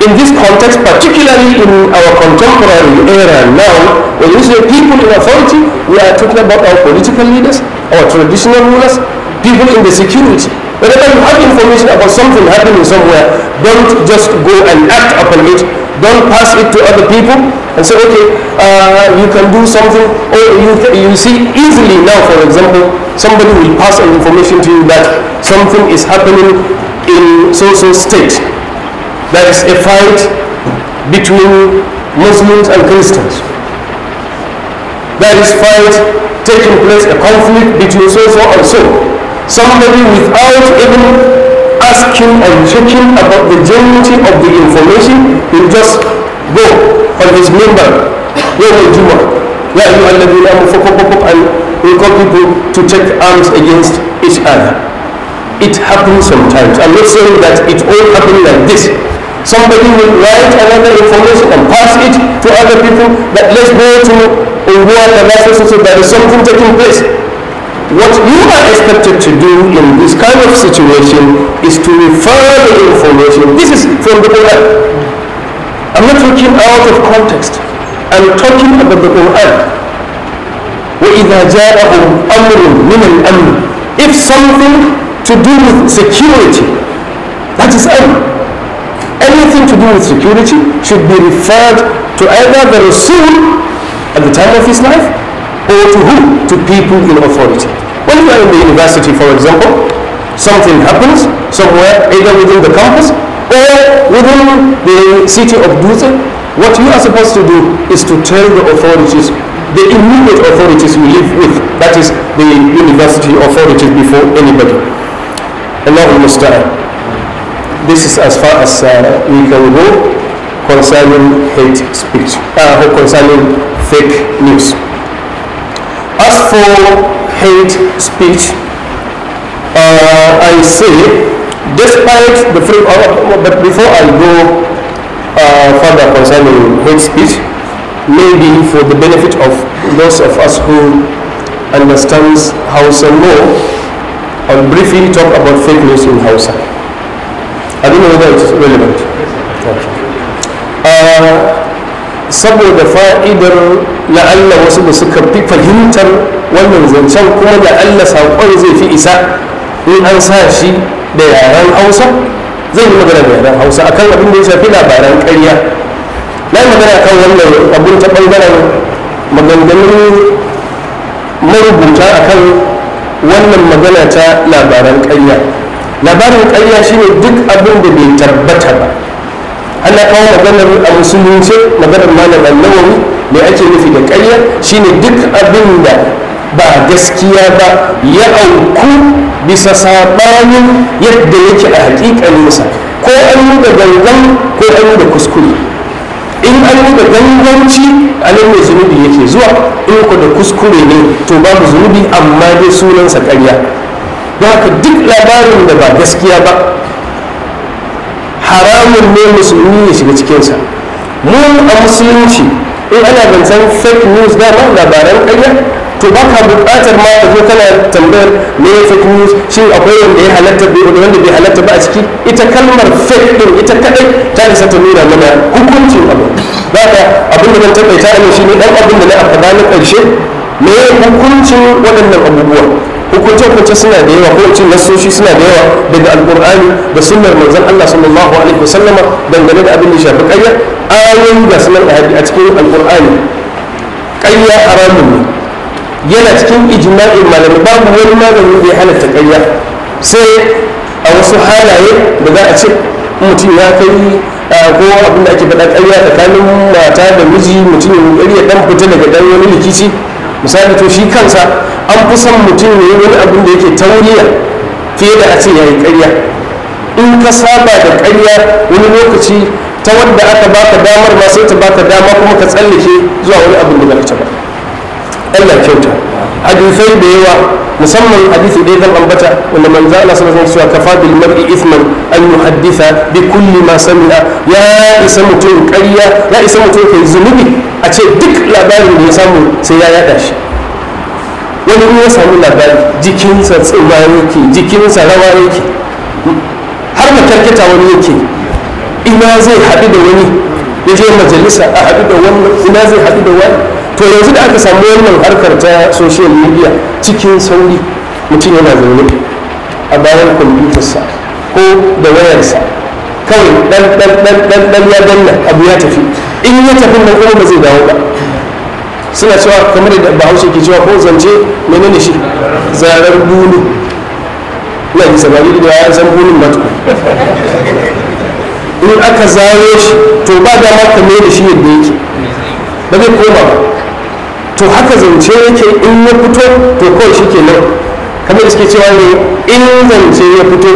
in this context, particularly in our contemporary era now, when we say people in authority, we are talking about our political leaders, or traditional rulers, people in the security. Whenever you have information about something happening somewhere, don't just go and act upon it. Don't pass it to other people and say, okay, uh, you can do something. Or you, you see easily now, for example, somebody will pass an information to you that something is happening in so-so state. There is a fight between Muslims and Christians. There is fight taking place, a conflict between so so and so. Somebody without even asking or checking about the genuinity of the information, will just go on his member, Yom Juma, Ya Ayyuhalladina and will call people to take arms against each other. It happens sometimes. I'm not saying that it all happens like this. Somebody will write another information and pass it to other people that let's go to in Goa, Tabasa, so there is something taking place. What you are expected to do in this kind of situation is to refer the information. This is from the Quran. I'm not talking out of context. I'm talking about the Quran. وَإِذَا جَاءَهُمْ أَمْرٌ مِنَ الْأَمْرِ If something to do with security, that is amr. Anything to do with security should be referred to either the Rasul at the time of his life or to who? To people in authority. When you are in the university, for example, something happens somewhere, either within the campus or within the city of Dutse, what you are supposed to do is to tell the authorities, the immediate authorities you live with, that is the university authorities before anybody. Allah Musta'an. This is as far as uh, we can go concerning hate speech, uh, concerning fake news. As for hate speech, uh, I say, despite the free, uh, but before I go uh, further concerning hate speech, maybe for the benefit of those of us who understands Hausa more, I'll briefly talk about fake news in Hausa. I don't know whether it's relevant. saboda fa'idar la'alla wasu da suka fi fahimtar wannan zancen kuma da allah saƙon zai fi isa in an sa shi da yaren hausa zai yi magana da yaren hausa a kan abin da ya shafi labaran ƙarya na yi magana kan wannan abin ta ɓangaren maganganun marubuta a kan wannan magana ta labaran ƙarya labarin ƙarya shine duk abin da bai tabbata ba ana kawo maganar a musulunci maganar malam annawawi mai ake nufi da karya shine duk abin da ba gaskiya ba ya auku bisa saɓanin yadda yake a musa ko an yi da gangan ko an yi da kuskure in an yi da ganganci a nan mai zunubi yake zuwa in ku da kuskure ne to babu zunubi amma dai sunansa ƙarya don haka duk labarin da ba gaskiya ba haramun ne musulmi ya shiga cikinsa mu a musulunci in ana zancen fake news dama labaran ƙarya to ba ka buƙatar ma ka zo kana tambayar me ya fake news shin akwai wanda ya halatta wanda bai halatta ba a ciki ita kalmar fake din ita kadai ta isa ta nuna mana hukuncin abu ba ka abin da zan taɓaita ne shi ne dan abin da na faɗa na ƙarshe me hukuncin waɗannan abubuwa hukunce-hukunce suna da yawa ko cin nasoshi suna da yawa daga alkur'ani da sunnar manzon Allah sallallahu alaihi wasallama dangane da abin da shafi ƙarya ayoyi ga sunan a cikin alkur'ani ƙarya haramun ne yana cikin ijma'i malamai babu wani magani da ya halatta ƙayya sai a wasu halaye da za a ce mutum ya kai ko abin da ake faɗa ƙayya tsakanin mata da miji mutum ya dan fita daga dan wani rikici misali to shi kansa an fi son mutum ya yi wani abin da yake tauriya fiye da a ce ya yi ƙarya in ka saba da ƙarya wani lokaci ta wadda aka baka damar ba sai ta baka dama kuma ka tsallake zuwa wani abin da baka ba Allah kyauta hadisai da yawa musamman hadisi da zan ambata wanda manzo Allah sallallahu alaihi wasallam kafa bil mar'i ithman an yuhaddisa bi kulli ma sami'a ya isa mutum ƙarya ya isa mutum kai zunubi a ce duk labarin da ya samu sai ya yada shi wani ya samu labari jikinsa tsima yake jikinsa rawa yake har makarkata wani yake ina zai haɗu da wani ya je majalisa a haɗu da wannan ina zai haɗu da wani to yanzu da aka samu wannan harkar ta social media cikin sauri mutum yana zaune a bayan kwamfutarsa ko da wayarsa kawai ɗan ya danna abu ya tafi in ya tafi nan kuma ba zai dawo ba suna cewa kamar da bahaushe ke cewa ko zance ne shi zarar bulu na yi sabari da ya zan bulun ba in aka zare shi to ba dama ka mai da shi yadda yake ba zai koma ba to haka zance yake in ya fito to kawai shi ke nan kamar da suke cewa ne in zance ya fito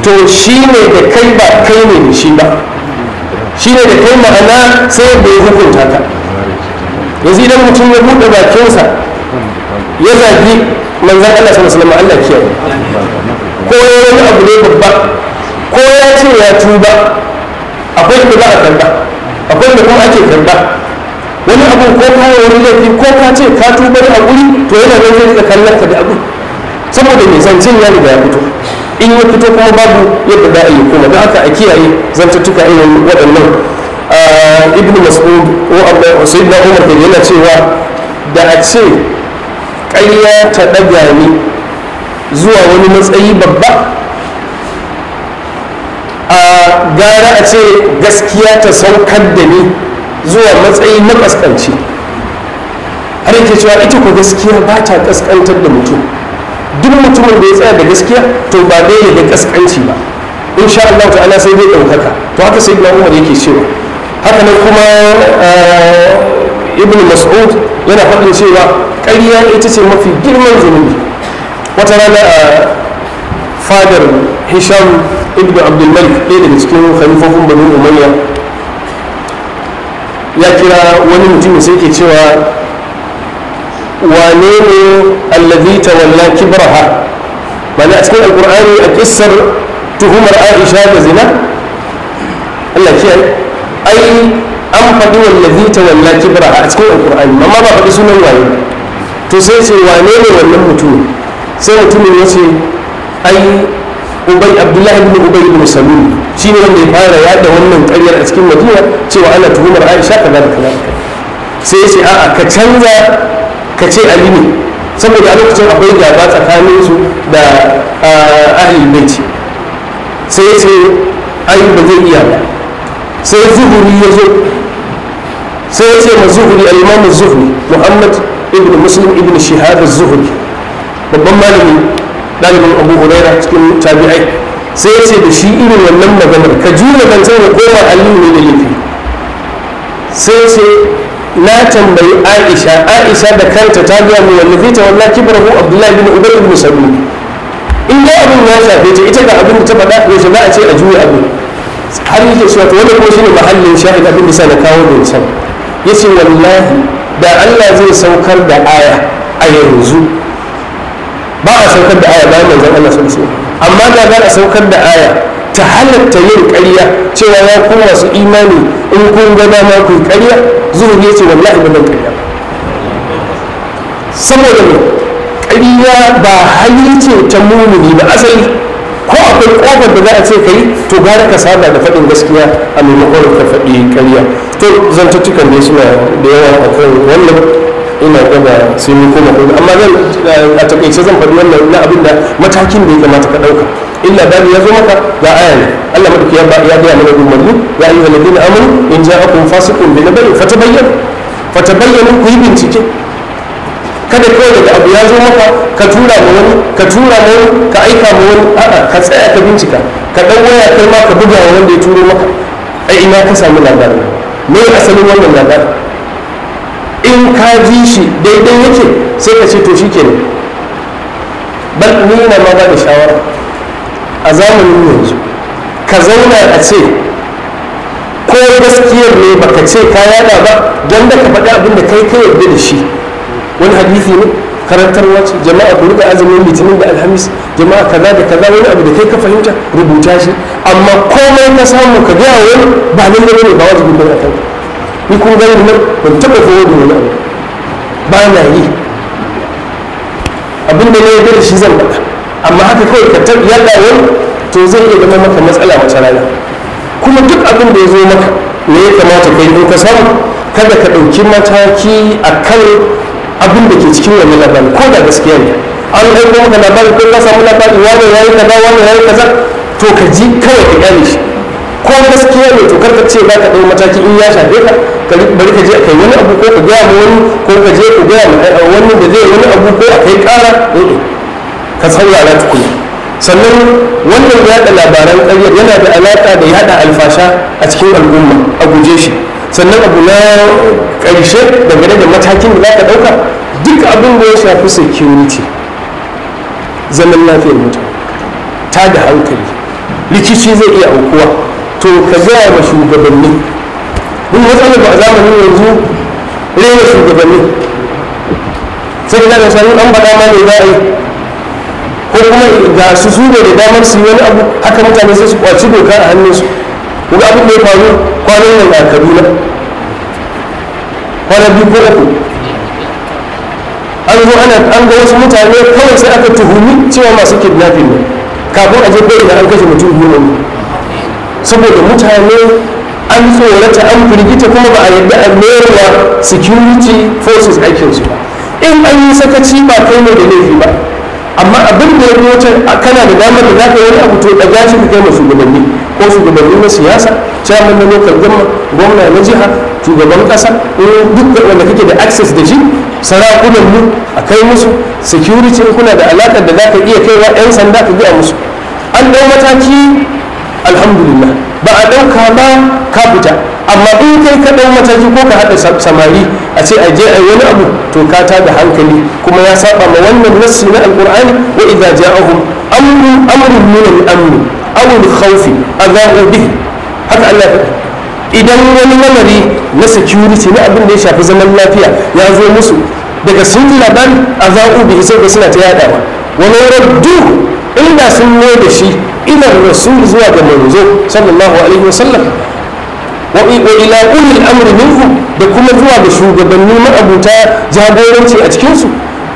to shi ne da kai ba kai ne da shi ba shi ne da kai ma'ana sai da ya hukunta ka yanzu idan mutum ya buɗe bakinsa ya zagi manzan Allah sallallahu alaihi Allah kiyar ko ya wani abu ne babba ko ya ce ya tuba akwai da za a karba akwai da kuma ake karba wani abu ko ka yi wani laifi ko ka ce ka tuba da a to yana da zai kallon ka da abu saboda mai zancen ya riga ya fito in ya fito kuma babu yadda za a yi kuma da aka a kiyaye zantattuka irin waɗannan ah, ibn mas'ud ko da umar da yana cewa da a ce ƙarya ta ɗaga ni zuwa wani matsayi babba a gara a ce gaskiya ta saukar da ni zuwa matsayi na ƙasƙanci har yake cewa ita ku gaskiya ba ta ƙasƙantar da mutum duk mutumin da ya tsaya da gaskiya to ba dai da kaskanci ba in sha Allah ta'ala sai dai ɗaukaka to haka sai ibn Umar yake cewa haka nan kuma eh, ibn Mas'ud yana faɗin cewa ƙarya ita ce mafi girman zunubi wata rana a eh, fadar Hisham ibn Abdul Malik ɗaya daga cikin khalifofin banu Umayya ya kira wani mutumin sai ke cewa wane ne allazi walla kibraha mana a cikin alkur'ani a kissar tuhumar aisha da zina Allah ke ai an faɗi wallazi walla kibraha a cikin alkur'ani amma ba faɗi sunan waye to sai ce wane ne wannan mutum sai mutumin ya ce ai ubai abdullahi ibn ubay ibn salul shine wanda ya fara yada wannan ƙaryar a cikin madina cewa ana tuhumar aisha kaza da kaza sai ya ce a'a ka canza ka ce ali ne saboda a lokacin akwai gaba tsakanin su da ahlul baiti sai ce ai ba zai iya ba sai zuhuri ya zo sai ce ma zuhuri alimamin zuhuri muhammad ibn muslim ibn shihab zuhuri babban malami dalibin abu huraira cikin tabi'ai sai ya ce da shi irin wannan maganar ka jure ban sai ya koma aliyu ne da yake sai ce na tambayi aisha aisha da kanta ta biya mu wallafi ta wallahi mu abdullahi bin ubar, ibn salul in dai abin ya shafe ta ita ga abin da ta faɗa yaushe za a ce a juya abin har yake cewa to wanda kuma shine mahallin shahid abin da na kawo da can yace wallahi da Allah zai saukar da aya a yanzu ba a saukar da aya bayan manzon Allah sallallahu alaihi wasallam amma da za a saukar da aya ta halatta yin ƙarya cewa ya ku masu imani in kun ga dama ku ƙarya zuwa ne ce wallahi ba zan ƙarya saboda me ƙarya ba hali ce ta mumuni ba asali ko akwai ƙofar da za a ce ka yi to gara ka saba da faɗin gaskiya a maimakon ka faɗi ƙarya to zantattukan da suna da yawa a kan wannan ina gaba sai mu koma kuma amma zan a takaice zan faɗi wannan na abin da matakin da ya kamata ka ɗauka illa babu ya zo maka ga ne. Allah madaki ya ya ga mana umarni ya ayyuhal ladina amanu in ja'akum fasiqun bi nabai fatabayyanu fatabayyanu ku yi bincike kada kawai daga abu ya zo maka ka tura mu wani ka tura mu wani ka aika mu wani a'a ka tsaya ka bincika ka dan waya kai ma ka buga wa wanda ya turo maka ai ina ka samu labarin me asalin wannan labarin in ka ji shi daidai yake sai ka ce to shikenan bal nuna ma ba da shawara a zamanin yanzu ka zauna a ce ko gaskiyar ne baka ce ka yada ba don da ka faɗi abin da kai ka yarda da shi wani hadisi ne karantar wacce jama'a ku rika azumin litinin da alhamis jama'a kaza da kaza wani abu da kai ka fahimta rubuta shi amma komai ka samu ka gaya wani ba nan da ne ba wajibin da kan ni kun gani nan ban taɓa kowa wani abu ba na yi abin da ne ya da shi zan faɗa amma haka kawai ka tab yalla yau to zai iya zama maka matsala wata rana kuma duk abin da ya zo maka me ya kamata kai ko ka samu kada ka ɗauki mataki a kan abin da ke cikin wani labarin ko da gaskiya ne an aiko maka labarin ko ka samu labarin wani ya yi kaza wani ya yi kaza to ka ji kawai ka gane shi ko gaskiya ne to karka ce za ka ɗau mataki in ya shafe ka bari ka je a kai wani abu ko ka gaya ma wani ko ka je ka gaya ma eh, wani da zai wani abu ko a kai ƙara eh, eh. ka na tukuni sannan wannan yada labaran ƙaryar yana da alaƙa da yada alfasha a cikin al'umma a guje shi sannan abu na ƙarshe dangane da matakin da za ka ɗauka duk abin da ya shafi security zaman lafiyar mutum ta da hankali rikici zai iya aukuwa to ka gaya ma shugabanni wata matsalar ba a zamanin yanzu rewa shugabanni sai da na sami an faɗa ma ne za a yi ko kuma ga su su da damar su yi wani abu haka mutane sai su kwaci doka a hannunsu kuma abin da ya faru kwanan nan a kaduna kwanan biyu ko uku an zo ana an ga wasu mutane kawai sai aka tuhumi cewa masu kidnapping ne kafin a je ko idan an kashe mutum biyu ne saboda mutane an tsorata an firgita kuma ba a yadda a merewa security forces aikinsu in an yi sakaci ba kai ne da laifi ba amma abin da ya yi wacce kana da damar da za ka yi wani abu to daga shi kai masu shugabanni ko gudanni na siyasa chairman na local government gwamna na jiha shugaban kasa duk wanda kake da access da shi sarakunan mu a kai musu security kuna da alakar da za ka iya kaiwa yan sanda ka gaya musu an dau mataki alhamdulillah ba a ɗauka ba ka fita amma in kai ka mataki ko ka haɗa samari a ce a je a wani abu to ka da hankali kuma ya saba ma wannan nassi na alƙur'ani wa idza ja'ahum amrun amrun min al-amn aw al-khawf adha'u bihi haka Allah idan wani lamari na security na abin da ya shafi zaman lafiya ya zo musu daga sun ji labari adha'u bihi sai ga suna ta yadawa wani raddu inda sun mai da shi ilar rasul zuwa ga manzo sallallahu alaihi wasallam wa ila ulil amri minhu da kuma zuwa ga shugabanni ma'abuta jagoranci a cikin su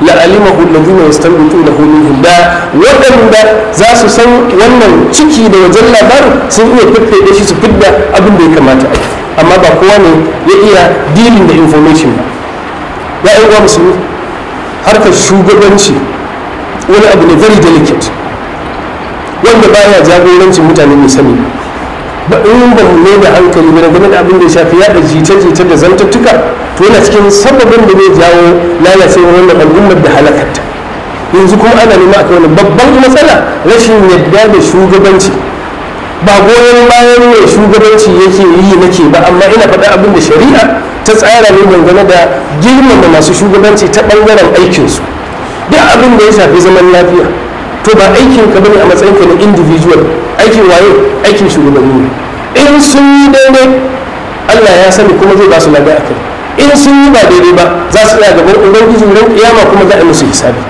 la wasu alladhina da minhum da waɗanda za su san wannan ciki da wajen labarin sun iya da shi su fidda abin da ya kamata a amma ba kowa ne ya iya dealing da information ba ya uwa musulmi harkar shugabanci wani abu ne very delicate wanda baya jagorancin mutane mai sani ba ba ɗin ba ne da hankali ba game da abin da ya shafi yada jita-jita da zantattuka to yana cikin sababin da zai jawo lalacewar wannan al'ummar da halakarta yanzu kuma ana nema a wani babban matsala rashin yadda da shugabanci ba goyon bayan mai shugabanci yake yi nake ba amma ina faɗa abin da shari'a ta tsara ne dangane da girmama masu shugabanci ta ɓangaren aikinsu duk abin da ya shafi zaman lafiya to ba aikin ka bane a matsayin ka na individual aikin waye aikin shugabanni ne in sun yi daidai Allah ya sani kuma zai ba su lada akai in sun yi ba daidai ba za su tsaya gaban ubangiji ran kiyama kuma za a musu hisabi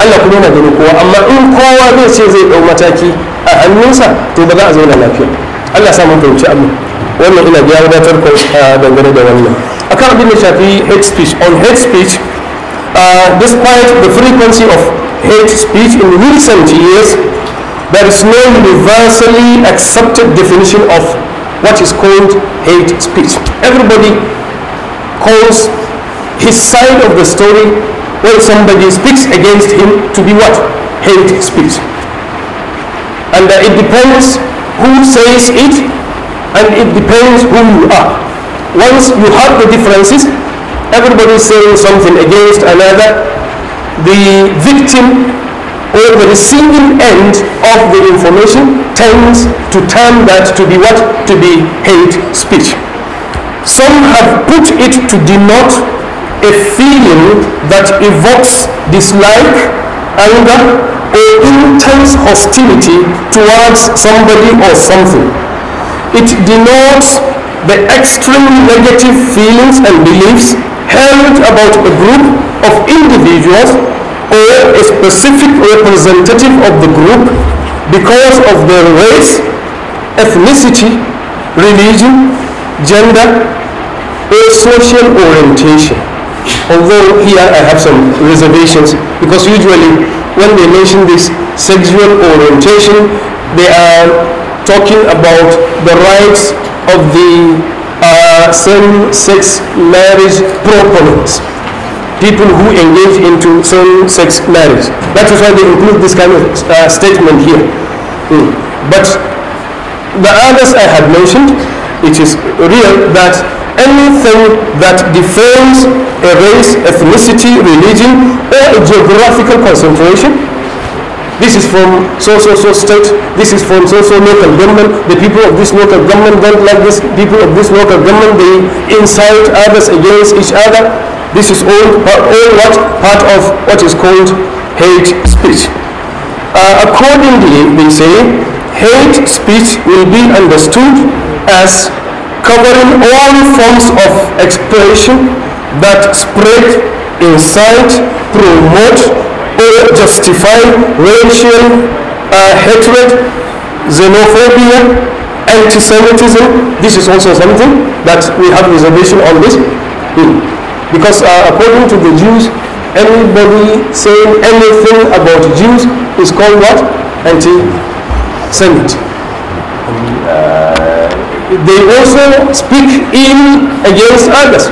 Allah kuma yana ganin kowa amma in kowa zai ce zai dau mataki a hannunsa to ba za a zauna lafiya Allah sa mun fahimci amma wannan ina biya wadatar ko dangane da wannan akan abin da shafi hate speech on hate speech uh, despite the frequency of hate speech in recent years, there is no universally accepted definition of what is called hate speech. Everybody calls his side of the story when somebody speaks against him to be what? Hate speech. And uh, it depends who says it and it depends who you are. Once you have the differences, everybody saying something against another, the victim or the receiving end of the information tends to turn that to be what? To be hate speech. Some have put it to denote a feeling that evokes dislike, anger, or intense hostility towards somebody or something. It denotes the extreme negative feelings and beliefs held about a group of individuals or a specific representative of the group because of their race, ethnicity, religion, gender, or social orientation. Although here I have some reservations because usually when they mention this sexual orientation, they are talking about the rights of the same-sex marriage proponents, people who engage into same-sex marriage. That is why they include this kind of uh, statement here. Mm. But the others I have mentioned, it is real that anything that defames a race, ethnicity, religion, or a geographical concentration this is from so-so-so state, this is from so-so local government, the people of this local government don't like this, people of this local government, they insult others against each other. This is all, all what? Part of what is called hate speech. Uh, accordingly, they say, hate speech will be understood as covering all forms of expression that spread, incite, promote, justify racial uh, hatred, xenophobia, anti-Semitism. This is also something that we have reservation on this. Because uh, according to the Jews, anybody saying anything about Jews is called what? anti semit Uh, they also speak in against others.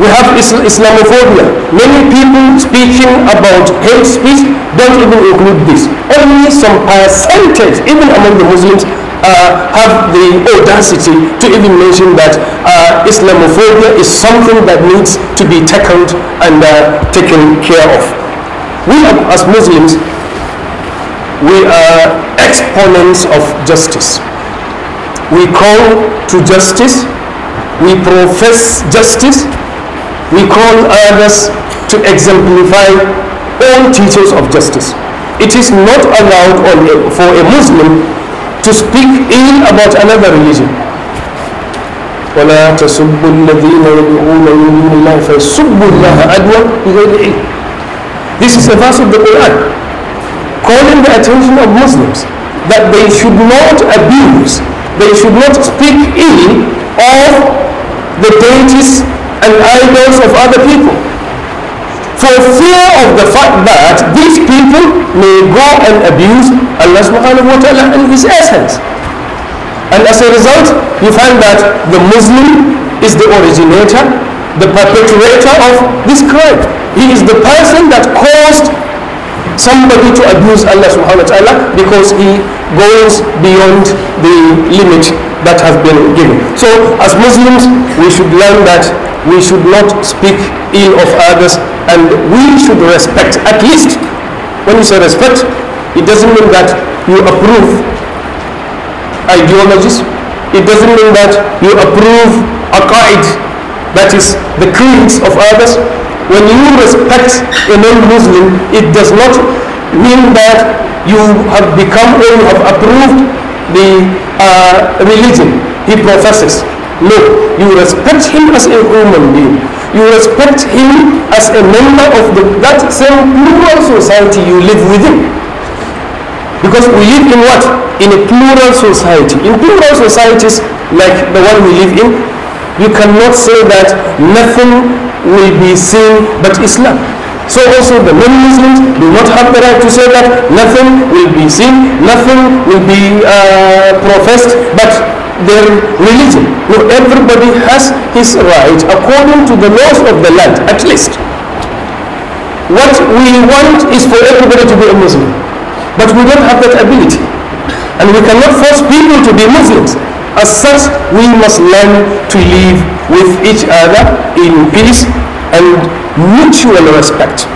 We have Islamophobia. Many people speaking about hate speech don't even include this. Only some percentage, even among the Muslims, uh, have the audacity to even mention that uh, Islamophobia is something that needs to be tackled and uh, taken care of. We are, as Muslims, we are exponents of justice. We call to justice, we profess justice, we call others to exemplify all teachers of justice. It is not allowed for a Muslim to speak ill about another religion. ولا تسبوا الذين يدعون من دون الله فيسبوا الله عدوا بغير علم. This is a verse of the Quran calling the attention of Muslims that they should not abuse, they should not speak ill of the deities and idols of other people for fear of the fact that these people may go and abuse Allah subhanahu wa ta'ala and his essence. And as a result, you find that the Muslim is the originator, the perpetrator of this crime. He is the person that caused somebody to abuse Allah subhanahu wa ta'ala because he goes beyond the limit that has been given. So as Muslims, we should learn that we should not speak ill of others and we should respect, at least when you say respect, it doesn't mean that you approve ideologies. It doesn't mean that you approve aqaid, that is the creeds of others. When you respect a non-Muslim, it does not mean that you have become or you have approved the uh, religion he professes. No, you respect him as a human being. You respect him as a member of the, that same plural society you live within. Because we live in what? In a plural society. In plural societies like the one we live in, you cannot say that nothing will be seen but Islam. So also the many Muslims do not have the right to say that nothing will be seen, nothing will be uh, professed but their religion. No, everybody has his right according to the laws of the land, at least. What we want is for everybody to be a Muslim. But we don't have that ability. And we cannot force people to be Muslims. As such, we must learn to live with each other in peace and mutual respect.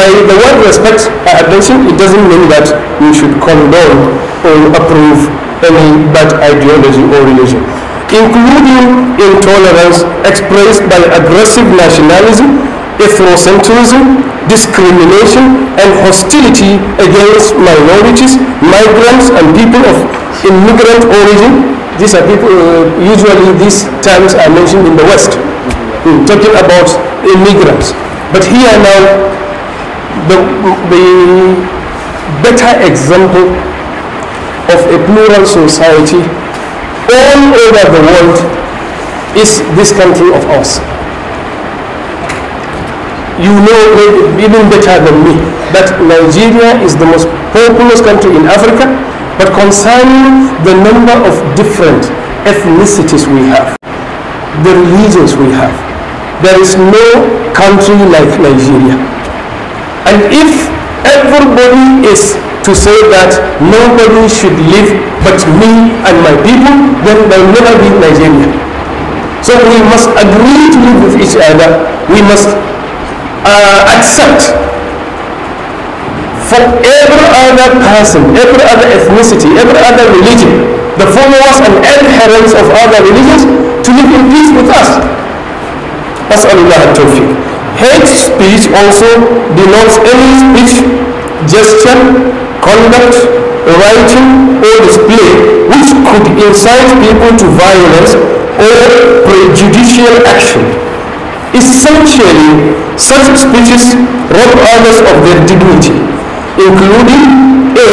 By the word respect, I attention, it doesn't mean that we should condone or approve any bad ideology or religion, including intolerance expressed by aggressive nationalism, ethnocentrism, discrimination, and hostility against minorities, migrants, and people of Immigrant origin, these are people, uh, usually these terms are mentioned in the West, mm, talking about immigrants. But here now, the, the better example of a plural society all over the world is this country of ours. You know even better than me that Nigeria is the most populous country in Africa but concerning the number of different ethnicities we have, the religions we have. There is no country like Nigeria. And if everybody is to say that nobody should live but me and my people, then there will never be Nigeria. So we must agree to live with each other. We must uh, accept from every other person, every other ethnicity, every other religion, the followers and adherents of other religions to live in peace with us. Nas'alullah tawfiq. Hate speech also denotes any speech, gesture, conduct, writing or display which could incite people to violence or prejudicial action. Essentially, such speeches rob others of their dignity including A.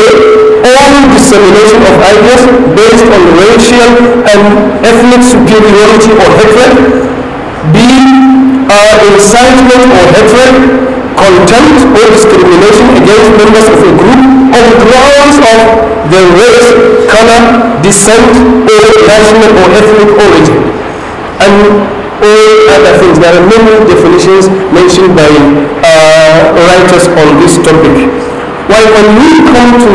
All dissemination of ideas based on racial and ethnic superiority or hatred. B. Uh, incitement or hatred, contempt or discrimination against members of a group on grounds of their race, color, descent, or national or ethnic origin. And all other things. There are many definitions mentioned by uh, writers on this topic. While when we come to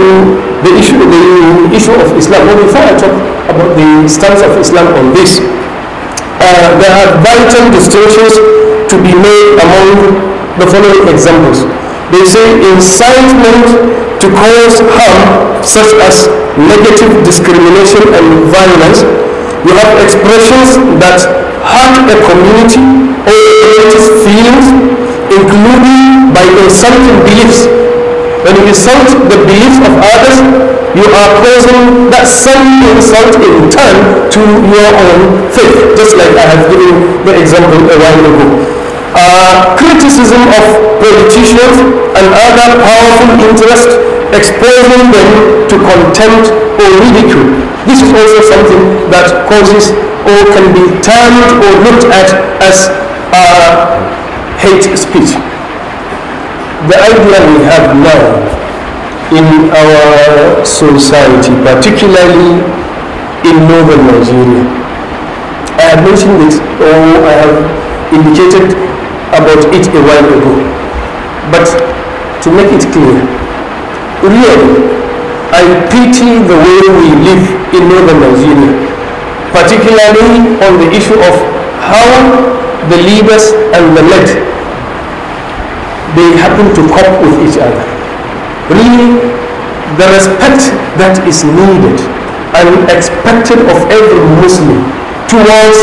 the issue, the issue of Islam, well, before I talk about the stance of Islam on this, uh, there are vital distinctions to be made among the following examples. They say incitement to cause harm such as negative discrimination and violence. You have expressions that hurt a community or its feelings, including by insulting beliefs when you insult the beliefs of others, you are causing that same insult in turn to your own faith, just like I have given the example a while ago. Uh, criticism of politicians and other powerful interests, exposing them to contempt or ridicule. This is also something that causes or can be termed or looked at as uh, hate speech the idea we have now in our society, particularly in northern Nigeria. I have mentioned this, or I have indicated about it a while ago. But to make it clear, really, I pity the way we live in northern Nigeria, particularly on the issue of how the leaders and the led they happen to cope with each other. Really, the respect that is needed and expected of every Muslim towards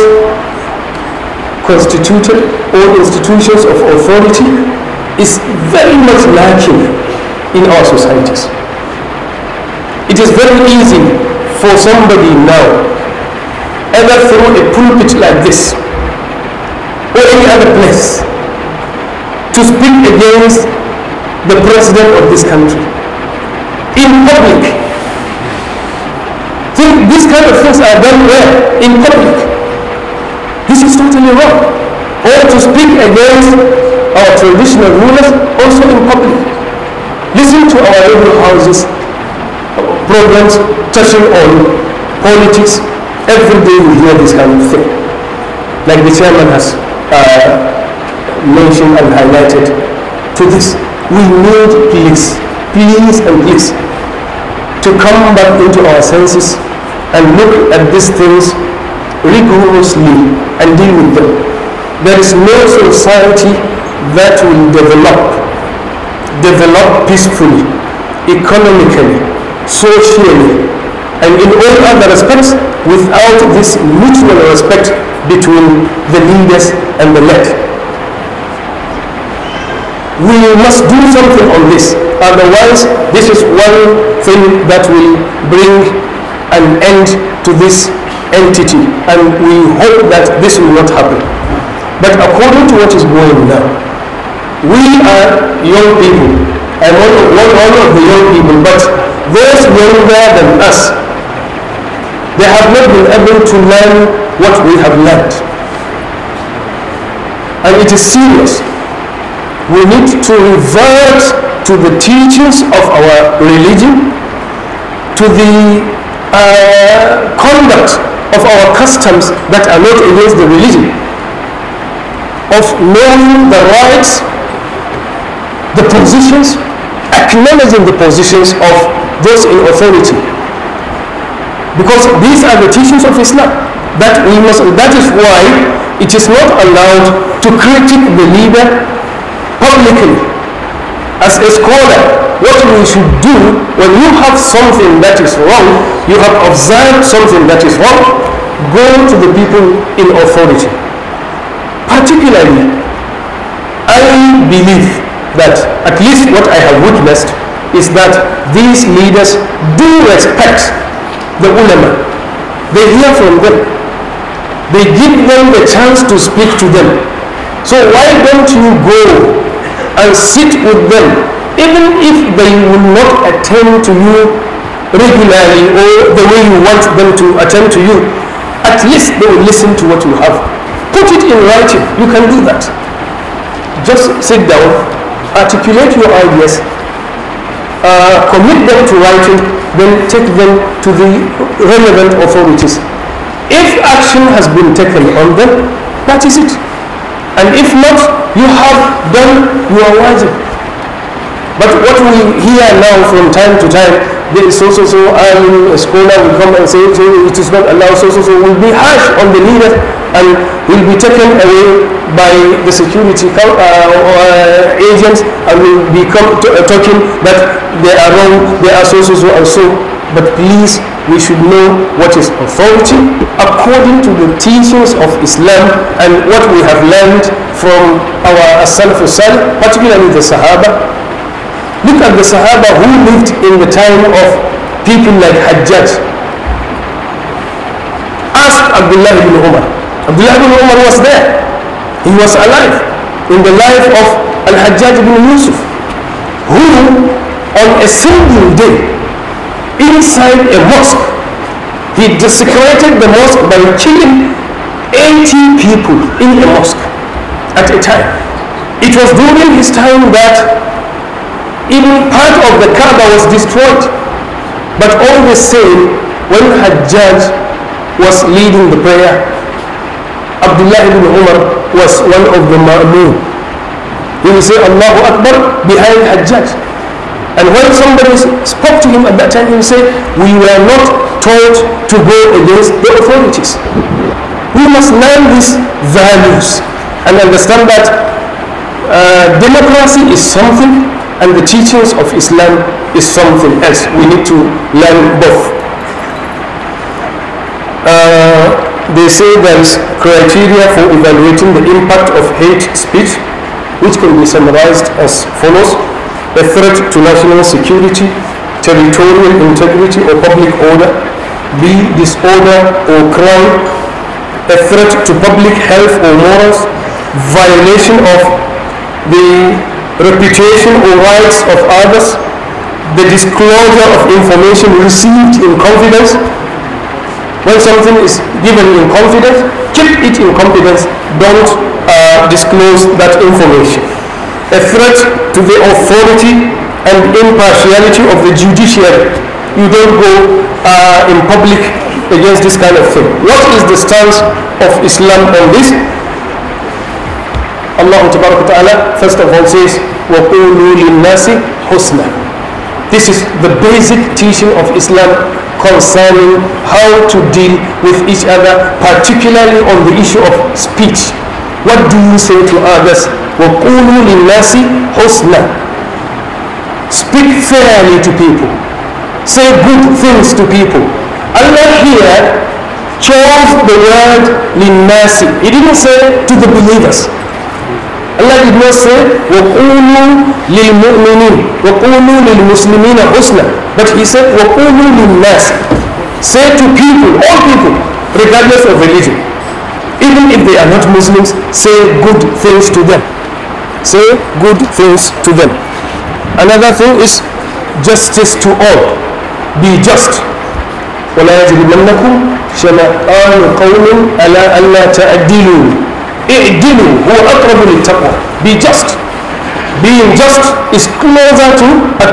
constituted or institutions of authority is very much lacking in our societies. It is very easy for somebody now, ever through a pulpit like this or any other place, to speak against the president of this country in public. See, these kind of things are done where? In public. This is totally wrong. Or to speak against our traditional rulers also in public. Listen to our liberal houses programs touching on politics. Every day we hear this kind of thing. Like the chairman has uh, mentioned and highlighted to this. We need peace, peace and peace to come back into our senses and look at these things rigorously and deal with them. There is no society that will develop, develop peacefully, economically, socially, and in all other respects without this mutual respect between the leaders and the led we must do something on this. Otherwise, this is one thing that will bring an end to this entity. And we hope that this will not happen. But according to what is going now, we are young people. I'm one of, one, one of the young people, but those younger than us, they have not been able to learn what we have learned. And it is serious we need to revert to the teachings of our religion, to the uh, conduct of our customs that are not against the religion, of knowing the rights, the positions, acknowledging the positions of those in authority. Because these are the teachings of Islam. That we must that is why it is not allowed to critique the leader publicly as a scholar what we should do when you have something that is wrong, you have observed something that is wrong, go to the people in authority. Particularly, I believe that at least what I have witnessed is that these leaders do respect the ulama. They hear from them. They give them the chance to speak to them. So why don't you go and sit with them even if they will not attend to you regularly or the way you want them to attend to you at least they will listen to what you have put it in writing you can do that just sit down articulate your ideas uh, commit them to writing then take them to the relevant authorities if action has been taken on them that is it and if not, you have done your wajib. But what we hear now from time to time, there is so so so, I a scholar will come and say, so it is not allowed, so so so, will be harsh on the leader and will be taken away by the security uh, uh, agents and will come to, uh, talking that they are wrong, they are so so so and so. But please we should know what is authority according to the teachings of Islam and what we have learned from our As-Salaf particularly the Sahaba. Look at the Sahaba who lived in the time of people like Hajjaj. Ask Abdullah ibn Umar. Abdullah ibn Umar was there. He was alive in the life of Al-Hajjaj ibn Yusuf who on a single day inside a mosque. He desecrated the mosque by killing 80 people in a mosque at a time. It was during his time that even part of the Kaaba was destroyed. But all the same, when Hajjaj was leading the prayer, Abdullah ibn Umar was one of the Ma'mun. He would say, Allahu Akbar behind Hajjaj. And when somebody spoke to him at that time, he said, we were not taught to go against the authorities. We must learn these values and understand that uh, democracy is something and the teachings of Islam is something else. We need to learn both. Uh, they say there is criteria for evaluating the impact of hate speech, which can be summarized as follows a threat to national security, territorial integrity or public order, b. disorder or crime, a threat to public health or morals, violation of the reputation or rights of others, the disclosure of information received in confidence, when something is given in confidence, keep it in confidence, don't uh, disclose that information a threat to the authority and impartiality of the judiciary. You don't go uh, in public against this kind of thing. What is the stance of Islam on this? Allah Ta'ala first of all says, وَقُولُوا لِلنَّاسِ husna. This is the basic teaching of Islam concerning how to deal with each other, particularly on the issue of speech. What do you say to others وَقُولُوا لِلنَّاسِ حُسْنًا Speak fairly to people. Say good things to people. Allah here chose the word لِلنَّاسِ He didn't say to the believers. Allah did not say وَقُولُوا لِلْمُؤْمِنِينَ وَقُولُوا لِلْمُسْلِمِينَ حُسْنًا But he said وَقُولُوا لِلنَّاسِ Say to people, all people, regardless of religion. Even if they are not Muslims, say good things to them say good things to them. Another thing is justice to all. Be just. ولا يجرمنكم شنآن قوم على ألا تعدلوا اعدلوا هو أقرب للتقوى be just being just is closer to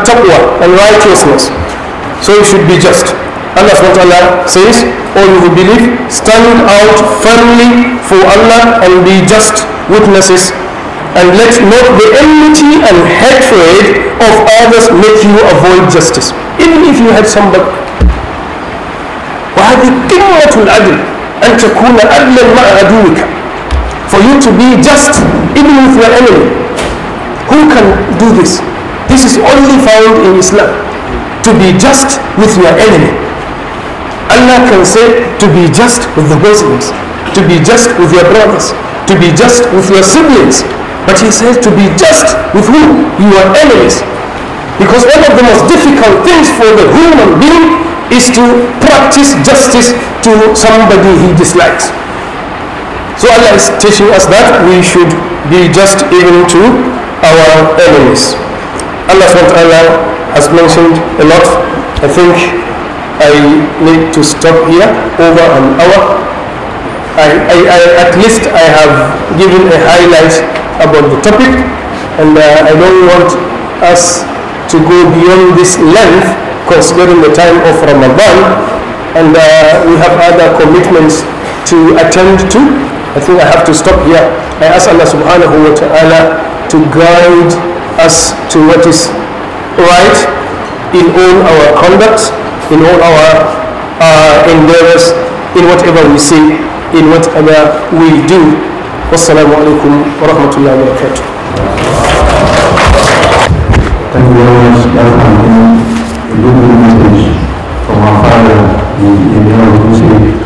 Taqwa and righteousness so you should be just Allah SWT says all who believe stand out firmly for Allah and be just witnesses and let us not the enmity and hatred of others make you avoid justice. Even if you had somebody. for you to be just even with your enemy who can do this this is only found in Islam to be just with your enemy Allah can say to be just with the Muslims to be just with your brothers to be just with your siblings but he says to be just with whom you are enemies. Because one of the most difficult things for the human being is to practice justice to somebody he dislikes. So Allah is teaching us that we should be just even to our enemies. Allah has mentioned a lot. I think I need to stop here over an hour. I, I, I at least I have given a highlight about the topic and uh, I don't want us to go beyond this length considering the time of Ramadan and uh, we have other commitments to attend to. I think I have to stop here. I ask Allah subhanahu wa ta'ala to guide us to what is right in all our conduct, in all our uh, endeavors, in whatever we say, in whatever we do. Wassalamu alaikum wa rahmatullahi wa barakatuh. Thank you very much, a good message from our father, the Emir Hussein,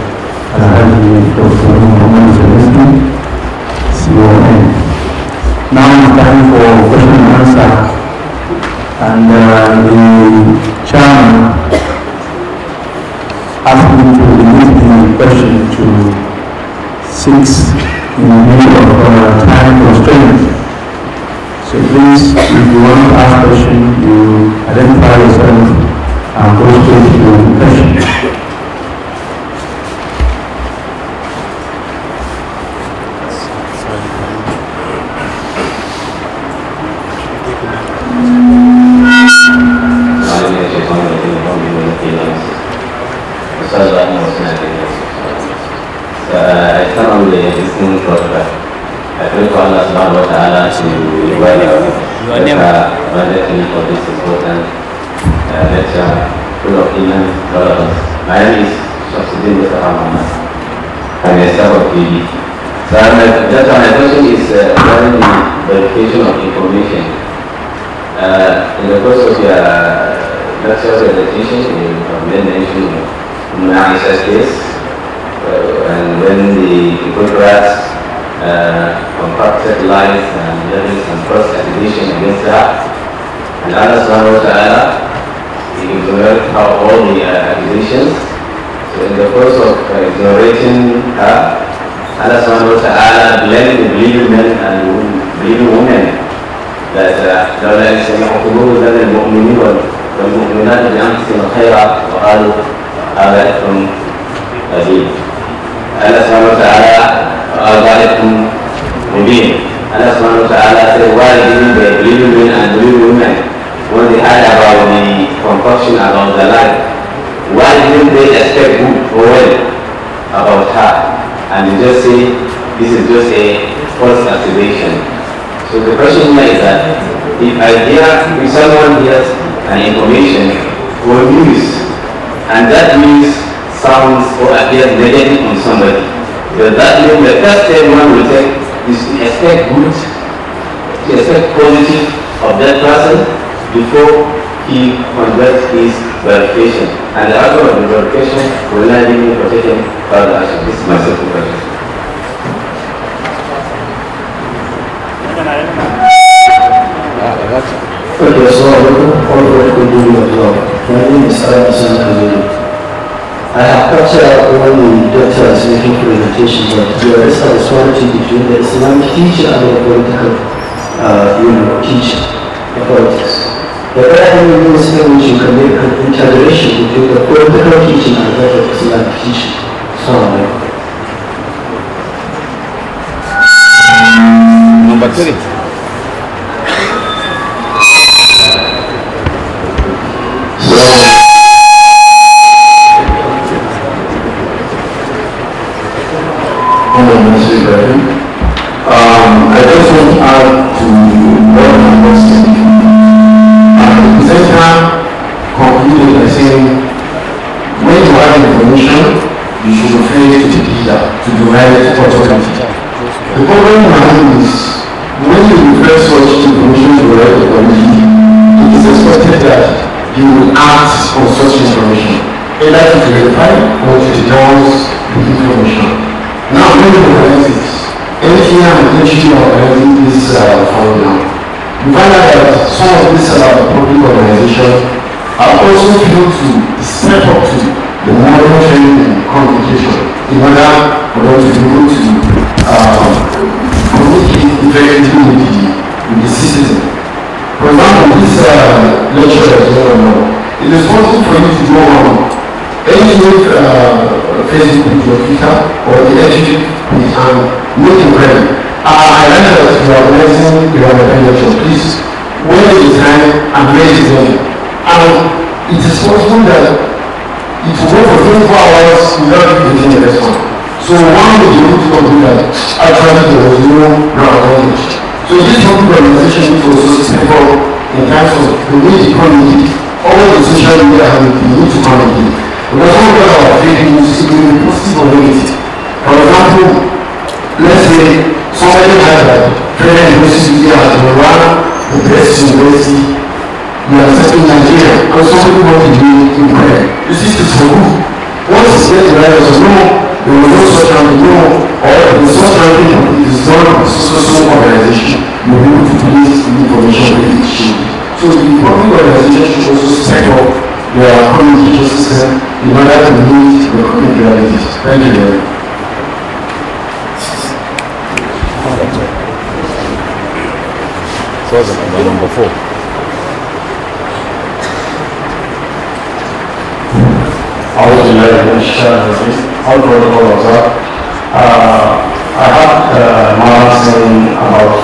Al-Hadi Dr. Muhammad Zelensky, CON. Now it's time for question and answer. And uh, the chairman asked me to limit the question to six in view of uh, time constraints. So please, if you want to ask question, you identify yourself and go straight to the question. conduct is verification. And the of the verification will likely be protection further action. This is my second question. Okay, so all what we do My name is I have captured all the doctors making presentations of the disparity between the Islamic teacher and the political uh, you know, teacher. Authorities. da bayanin da zai sai mun shekaru kan integration da da ko ta dauki shi na da ta islamic shi salamu alaikum 3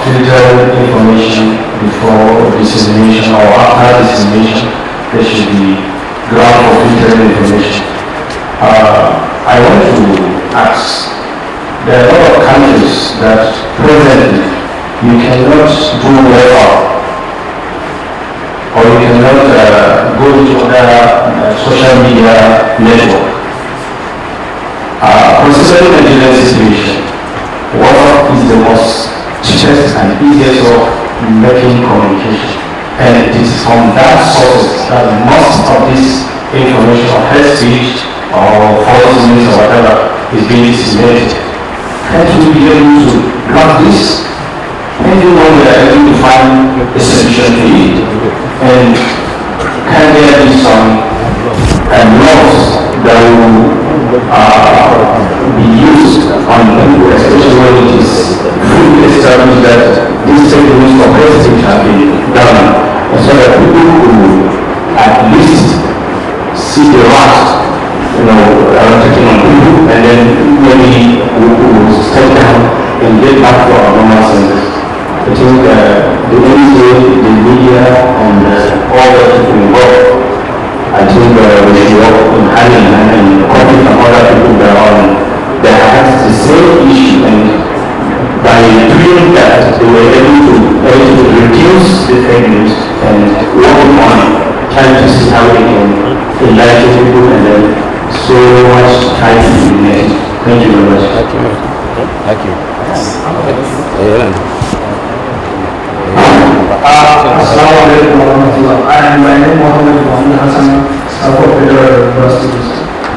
filtered information before dissemination or after dissemination. There should be ground for filtering information. Uh, I want to ask, there are a lot of countries that presently you cannot do whatever or you cannot uh, go to other uh, social media network. Uh, considering Nigerian situation, what is the most teachers and easiest of making communication. And it is from that source that most of this information of head speech or false news or whatever is being disseminated. Hence we be able to block this and you know we are able to find a solution to it. And can there be some and laws that will uh, be used on people, especially when it is fully established that this segment of testing has been done, so that people will at least see the rust, you know, uh, taking on people, and then maybe who will step down and get back to our normal senses. I think uh, the NGA, the media, and uh, all that involved I think uh, we should work in hand in hand and copy from other people that are on that has the same issue and by doing that they were able to, able to reduce the fake and work on trying to see how they can enlighten people and then so much time to be made. Thank you very much. Thank you. Thank you. Yeah. Assalamu alaikum warahmatullah. I am my name Mohammed Mohammed Hassan, a popular university.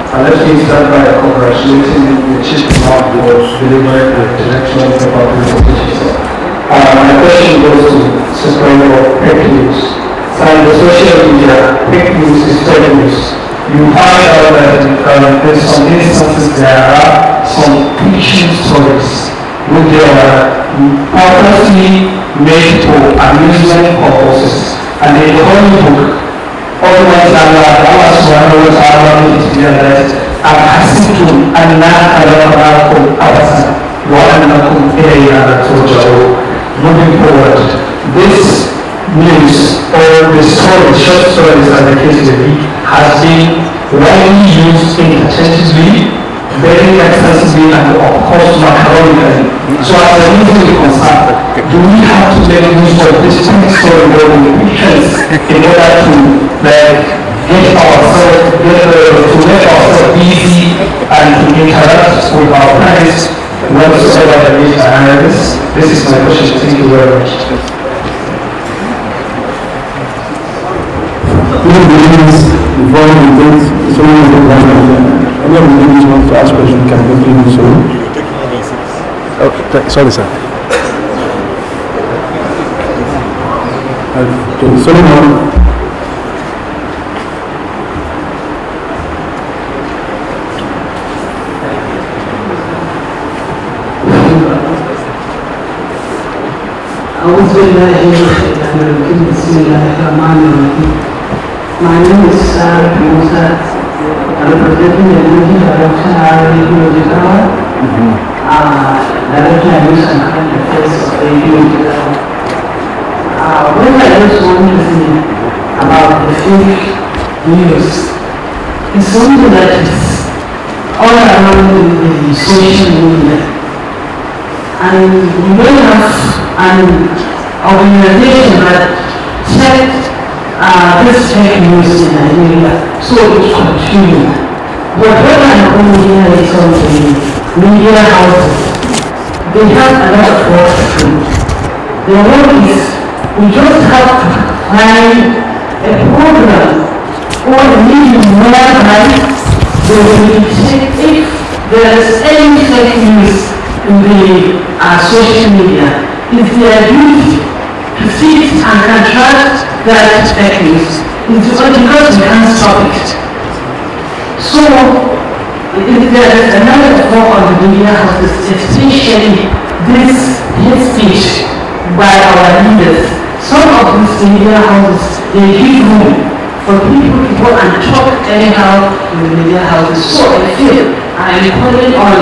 And let me start by congratulating the Chief Imam for delivering the intellectual paper presentations. Uh, my question goes to Sister of Fake News. And the social media, fake news is fake news. You find out that uh, there's some instances there are some fiction stories with their purposely uh, made for amusement purposes. And in the Holy Book, Almighty Allah, Allah subhanahu wa ta'ala made it clear that أَحَسِبْتُمْ أَنَّا خَلَقْنَاكُمْ عَبَثًا وَأَنَّكُمْ إِلَيْنَا لَا تُرْجَعُونَ Moving forward, this news or this story, short stories as the case may week has been widely used interchangeably very extensively and of course mathematically. So as a legal concern, do we have to make use of this story level pictures in order to like get ourselves get, uh, to make ourselves easy and to interact with our friends whatsoever the need and this this is my question. Thank you very much. Good evening, before we take so many questions. Any of the ladies want to ask questions can quickly do so. Okay, sorry, sir. Okay, sorry, Solomon. أعوذ بالله من الشيطان الرجيم بسم الله الرحمن الرحيم My name is Sarah Musa the projected energy direction are radiological uh, direction emission and the phase of radiological. I was about the fake news it's something that is all around the social media. And we don't have an organization that checks uh, this heavy news in Nigeria, so it continues. But when I come here in something, media houses, they have a lot of work to do. The work is, we just have to find a program or a medium whereby they will take if there is any fake news in the uh, social media, if they are duty to see and can trust that techniques because we can't stop it. So there is another call on the media houses, especially this hate speech by our leaders. Some of these media houses, they give room for people to go and talk anyhow in the media houses. So I feel I am calling on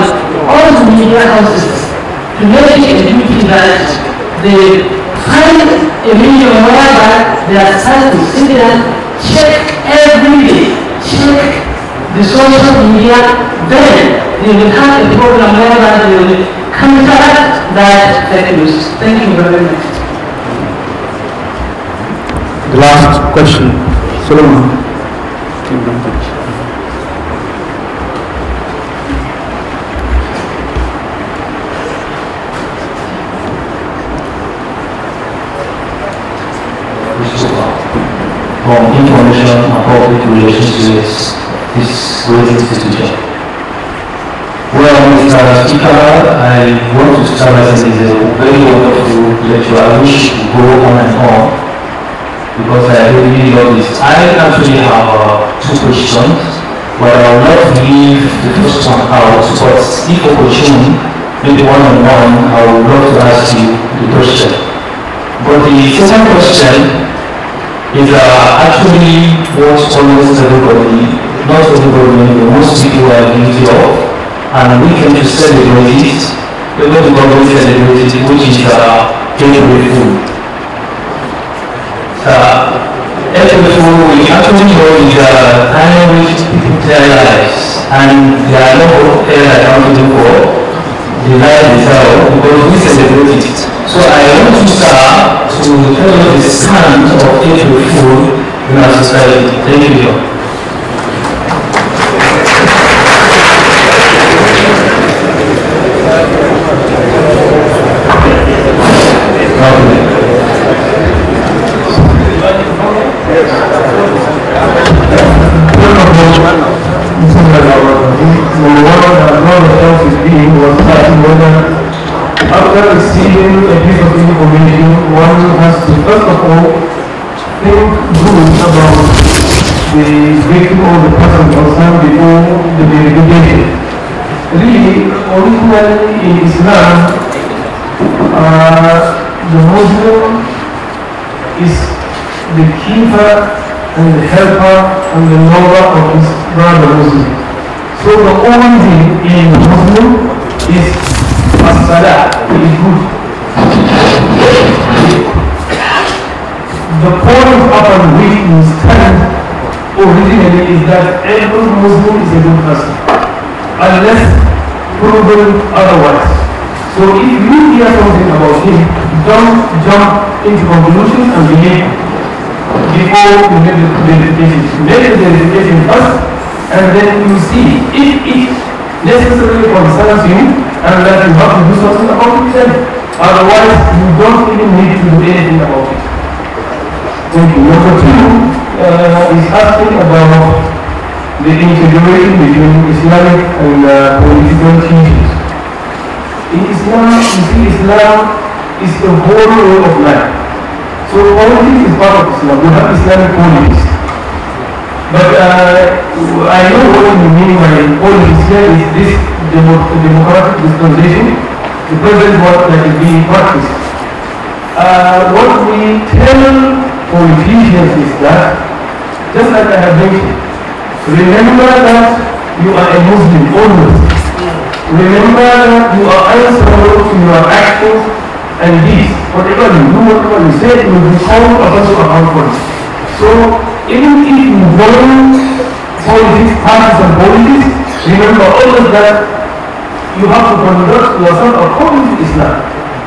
all the media houses to make it a duty that they Find a medium are their to is incident. Check every day. Check the social media. Then they will have a program whereby you will counteract that fake news. Thank you very much. The last question. Solomon. promotion of appropriate relations with this great institution. Well, Mr. Speaker, I want to start by saying it's a very wonderful lecture. I wish to go on and on because I really love this. I actually have uh, two questions. but I will not leave the first one out, but if opportune, maybe one on one, I would love to ask you the question. But the second question is uh, actually what almost everybody, not everybody, but most people are guilty of. And we came to e l e b r a t e it, t e way the government celebrates it, which is a t e w a y food. Uh, g a t e s a y food, we actually know is a uh, time which a o r l i n e s and there are no airlines a c c o u n d i n g for the life itself, because we c e l e b r a t it. So I want to start to of this kind of April Fool in our society. and the number of his brother Muslim. So the only thing in Muslim is as-salah, is good. The point upon which we stand originally is that every Muslim is a good person, unless proven otherwise. So if you hear something about him, don't jump into conclusions and behave before you make the decision, Make the first, and then you see if it necessarily concerns you, and that you have to do something about it then. Otherwise, you don't even need to do anything about it. Thank you. Number two uh, is asking about the integration between Islamic and uh, political teachings. In Islam, you see, Islam is the whole way of life. So politics is part of Islam. We have Islamic politics. But uh, I know what you mean by politics here is this demo democratic dispensation, the present one that is being practiced. Uh, what we tell politicians is that, just like I have mentioned, remember that you are a Muslim always. Remember that you are answerable to your actions and deeds whatever you do, whatever you say, it will be called a person of for So even if you involve politics, parties and politics, remember always that you have to conduct yourself according to Islam.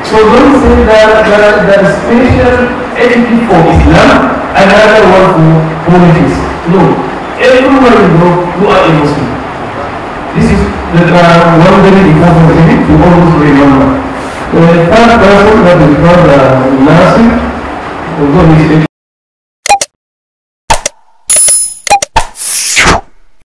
So don't say that there is special entity for Islam and another one for politics. No. Everywhere you go, you are a Muslim. This is the, uh, one very important thing to always remember. el caso de la